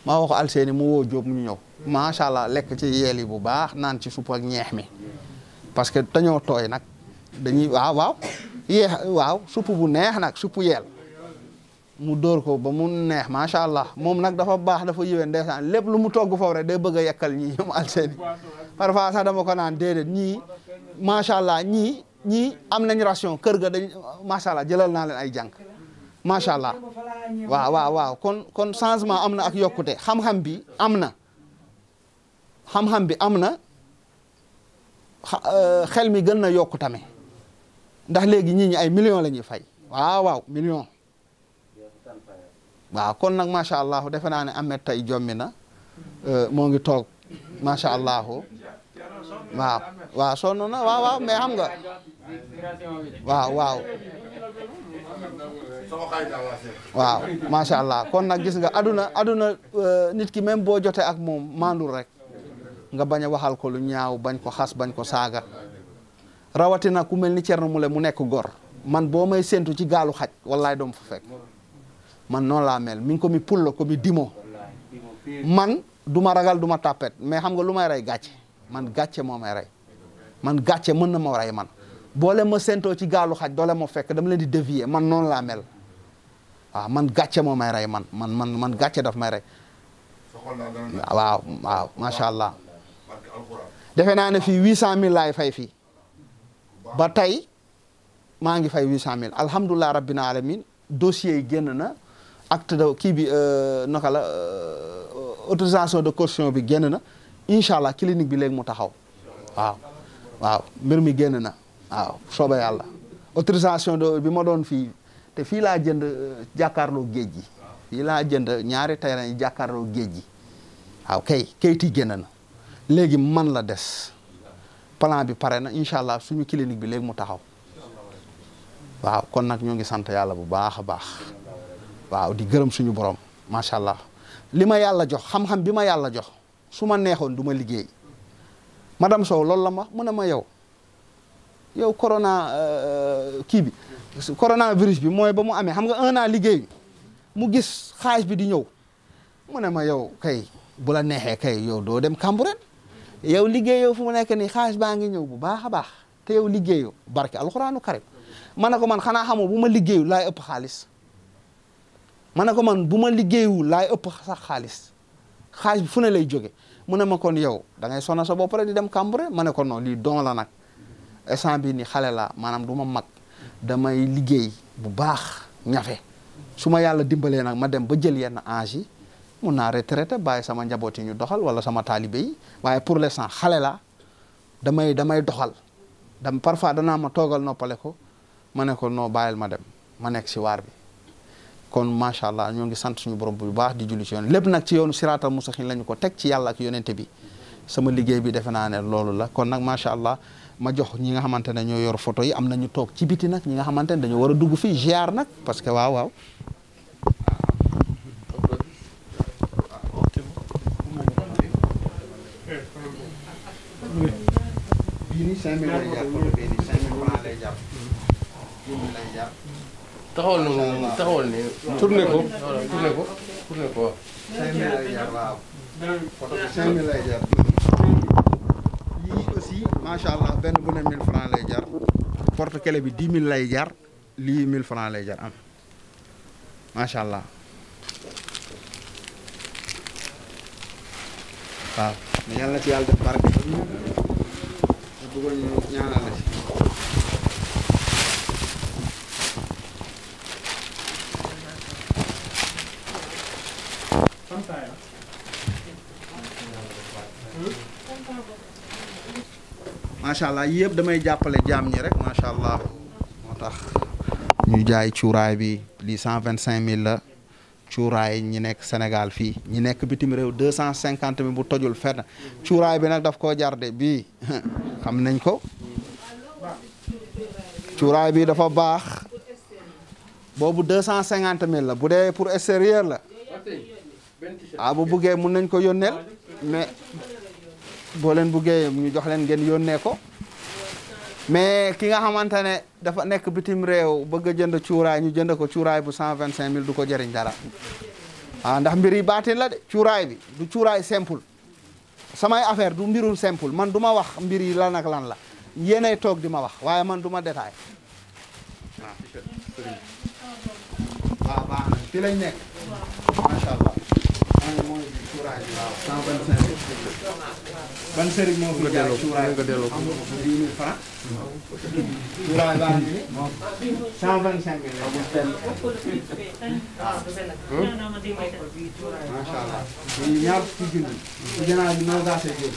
ma wax alseeni mu woo Diop mu ñu ñëw macha allah lekk ci yeel bu baax naan ci supp ak ñeex mi parce que dañoo tooy nag dañuy waaw waaw supp bu neex nag supp yel mu dóor ko ba mu neex macha allah moom nag dafa baax dafa yéwén ndeysaan lépp lu mu togg foofu rek day bëgg a yekkal ñi ñoom alseeni parfois sax ko naan déedéet ñii macha allah ñii ñii am nañ ration kër ga dañ macha allah jëlal naa leen ay jànk macha allah waaw waaw waaw kon kon changement am na ak yokkute xam-xam bi am na xam bi am na euh, xel mi gën na yokku tamit ndax léegi ñii ñi ay millions la ñuy fay waaw waaw million waaw kon nag macha allah defe naa ne Ahmed tey jommi na euh, moo ngi toog macha allah waaw waaw sonn na waaw waaw mais xam nga waaw waaw waaw macha allah kon nag gis nga aduna aduna euh, nit ki même boo jotee ak moom maandul rek nga bañ a waxal ko lu ñaaw bañ ko xas bañ ko saaga rawatina ku mel ni Thierno Moule mu nekk gor man boo may séntu ci gaalu xaj wallaay doom fa fek man noonu laa mel mi ngi ko mi pulla ko mi dimo man du ma ragal du ma tàppet mais xam nga lu may rey gàcce man gàcce moo may rey man gàcce mën na ma rey man boole ma séntoo ci gaalu xaj doole ma fekk dama leen di dévier man noonu laa mel waaw man gàcce moo may rey man man man man gàcce daf may rey waaw waaw macha allah defe naa ne fii huit cent mille lay fay fii ba tey maa ngi fay huit cent mille alhamdulilah rabbil alamin dossier yi génn na acte de kii bi euh, naka la euh, autorisation de caution bi génn na incha allah clinique bi léegi mu taxaw waaw mbir mi génn na waaw sooba yàlla autorisation de bi ma doon fii te fii laa jënd euh, jàkkaarloo géej gi fii laa jënd ñaari terrain jàkkaarloo géej gi waaw kay kayit yi génn na léegi man la des plan bi pare na incha allah suñu clinique bi léegi mu taxaw waaw kon nag ñoo ngi sant yàlla bu baax a baax waaw di gërëm suñu borom macha allah li ma yàlla jox xam-xam bi ma yàlla jox su ma neexoon du ma liggéey madame Sow loolu la ma mu ne ma yow yow corona euh, kii bi coronavirus bi mooy ba mu amee xam nga un liggéey mu gis xaalis bi di ñëw mu ne ma yow kay bu la neexee kay yow doo dem Cambérène yow liggéeyoo fu mu nekk ni xaalis baa ngi ñëw bu baax a baax te yow liggéeyoo barke alxuraanu karim ma ne ko man xanaa xamoo bu ma liggéeyu laay ëpp xaalis ma ne ko man bu ma liggéeywul laay ëpp sax xaalis xaalis bi fu ne lay jóge mu ne ma kon yow da ngay sonna sa bopp di dem Cambérène ma ne ko non don la nag instant bi ni xale la maanaam du ma mag damay liggéey bu baax ñafe su ma yàlla dimbalee nag ma dem ba jël yenn âge yi mun naa retraité bàyyi sama njaboot ñu doxal wala sama taalibe yi waaye pour l'instant xale la damay damay doxal dam parfois danaa ma toogal noppale ko ma ne ko non ma dem ma nekk si waar bi kon macha allah ñoo ngi sant suñu borom bu baax di julli ci yoon lépp nag ci yoonu siraatal mustaxin lañu ko teg ci yàlla ak yonente bi sama liggéey bi defe naa ne loolu la kon nag macha allah ma jox ñi nga xamante ne ñoo yor foto yi am na ñu toog ci biti nag ñi nga xamante ne dañoo war a dugg fi ziar nag parce que waaw taxawal na taxawal ne tourné ko tourné ko tourné ko waaw. 5000 lay lay jar. yii aussi macha benn bu ne 1000 lay jar. porte clé bi 10 000 lay jar lii 1000 francs lay jar am macha allah waaw. yàlla na ci yàlla def barke. ñu bëggoon la ci. macha allah yëpp damay jàppale jaam ñi rek macha allah moo tax ñu jaay cuuraay bi lii cent vingt cinq mille la cuuraay ñi nekk Sénégal fii ñi nekk bitim réew deux cent cinquante mille bu tojul fenn cuuraay bi nag daf koo jar de <laughs> xam nañ ko cuuraay bi dafa baax boobu deux cent cinquante mille la bu dee pour extérieur la ah bu buggee mun nañ ko yónneel boo leen buggee ñu jox leen ngeen yónnee ko mais ki nga xamante ne dafa nekk bitim réew bëgg jënd cuuraay ñu jënd ko cuuraay bu cent vingt cinq mille du ko jariñ dara ah ndax mbir yi baatin la de cuuraay bi du cuuraay simple samay affaire du mbirum simple man duma wax mbir yi lan ak lan la yéenay toog di ma wax waaye man duma ma détail ah, lañ nekk ban sëriñ moo fi jaay cuuraay nga delloo amul 10 000 francs cuuraay baa ngi ni 125 000 amul fenn macha allah ñu ñaar ci junni ci ginnaaw bi noogaase jël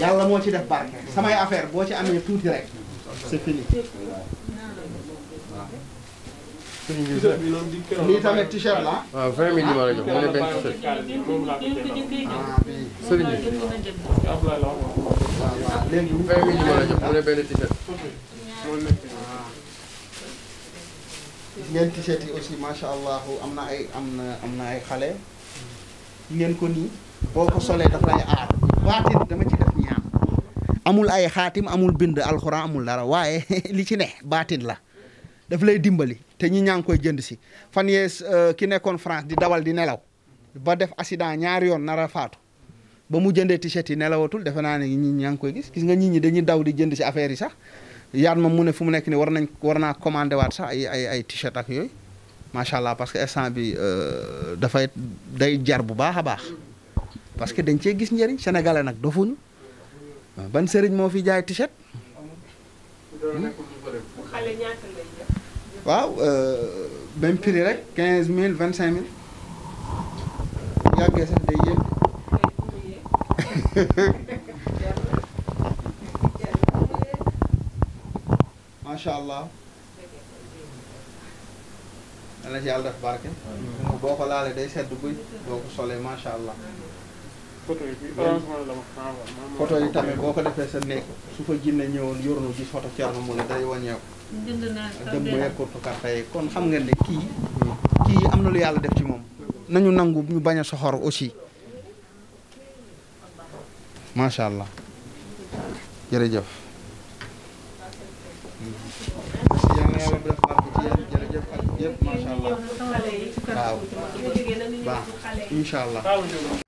yàlla moo ci def barke samay affaire boo ci amee tuuti rek c'est fini lii tamit t-shirt la. waaw vingt mille a jox mu ne benn t-shirt. ngeen t-shirt yi aussi macha allah am na ay am na am na ay xale. ngeen ko nii boo ko solee daf lay aar baatin dama ci def ñaan amul ay xaatim amul bind alxuraan amul dara waaye <laughs> li ci ne baatin la daf lay dimbali. te ñi ñaa ngi koy jënd si fan yee euh, ki nekkoon France di dawal di nelaw ba def accident ñaari yoon nar faatu ba mu jëndee t-shirt yi nelawatul defe naa ne ñi ñaa koy gis gis nga nit ñi dañuy daw di jënd si affaire yi sax yaat ma mu ne fu mu nekk ni war nañ war naa commandé waat sax ay ay ay t-shirt ak yooyu macha allah parce que instant bi euh, dafay day jar bu baax a baax parce que dañ cee gis njëriñ sénégalais nag dofuñu ban sëriñ moo fi jaay t-shirt waaw même euh, prix rek quinze mille vingt cinq mille yàggee sax day yéeg <laughs> macha allah dana ci boo ko laalee day sedd buy boo ko solee macha allah photo yi tamit boo ko defee sa néeg su fa jinne ñëwoon yornu gis foto Thierno mu ne day wàññeeku jënd naa dem kon xam nga ne kii kii am na lu yàlla def ci moom nañu nangu ñu bañ a soxor aussi macha allah jërëjëf. yàlla allah.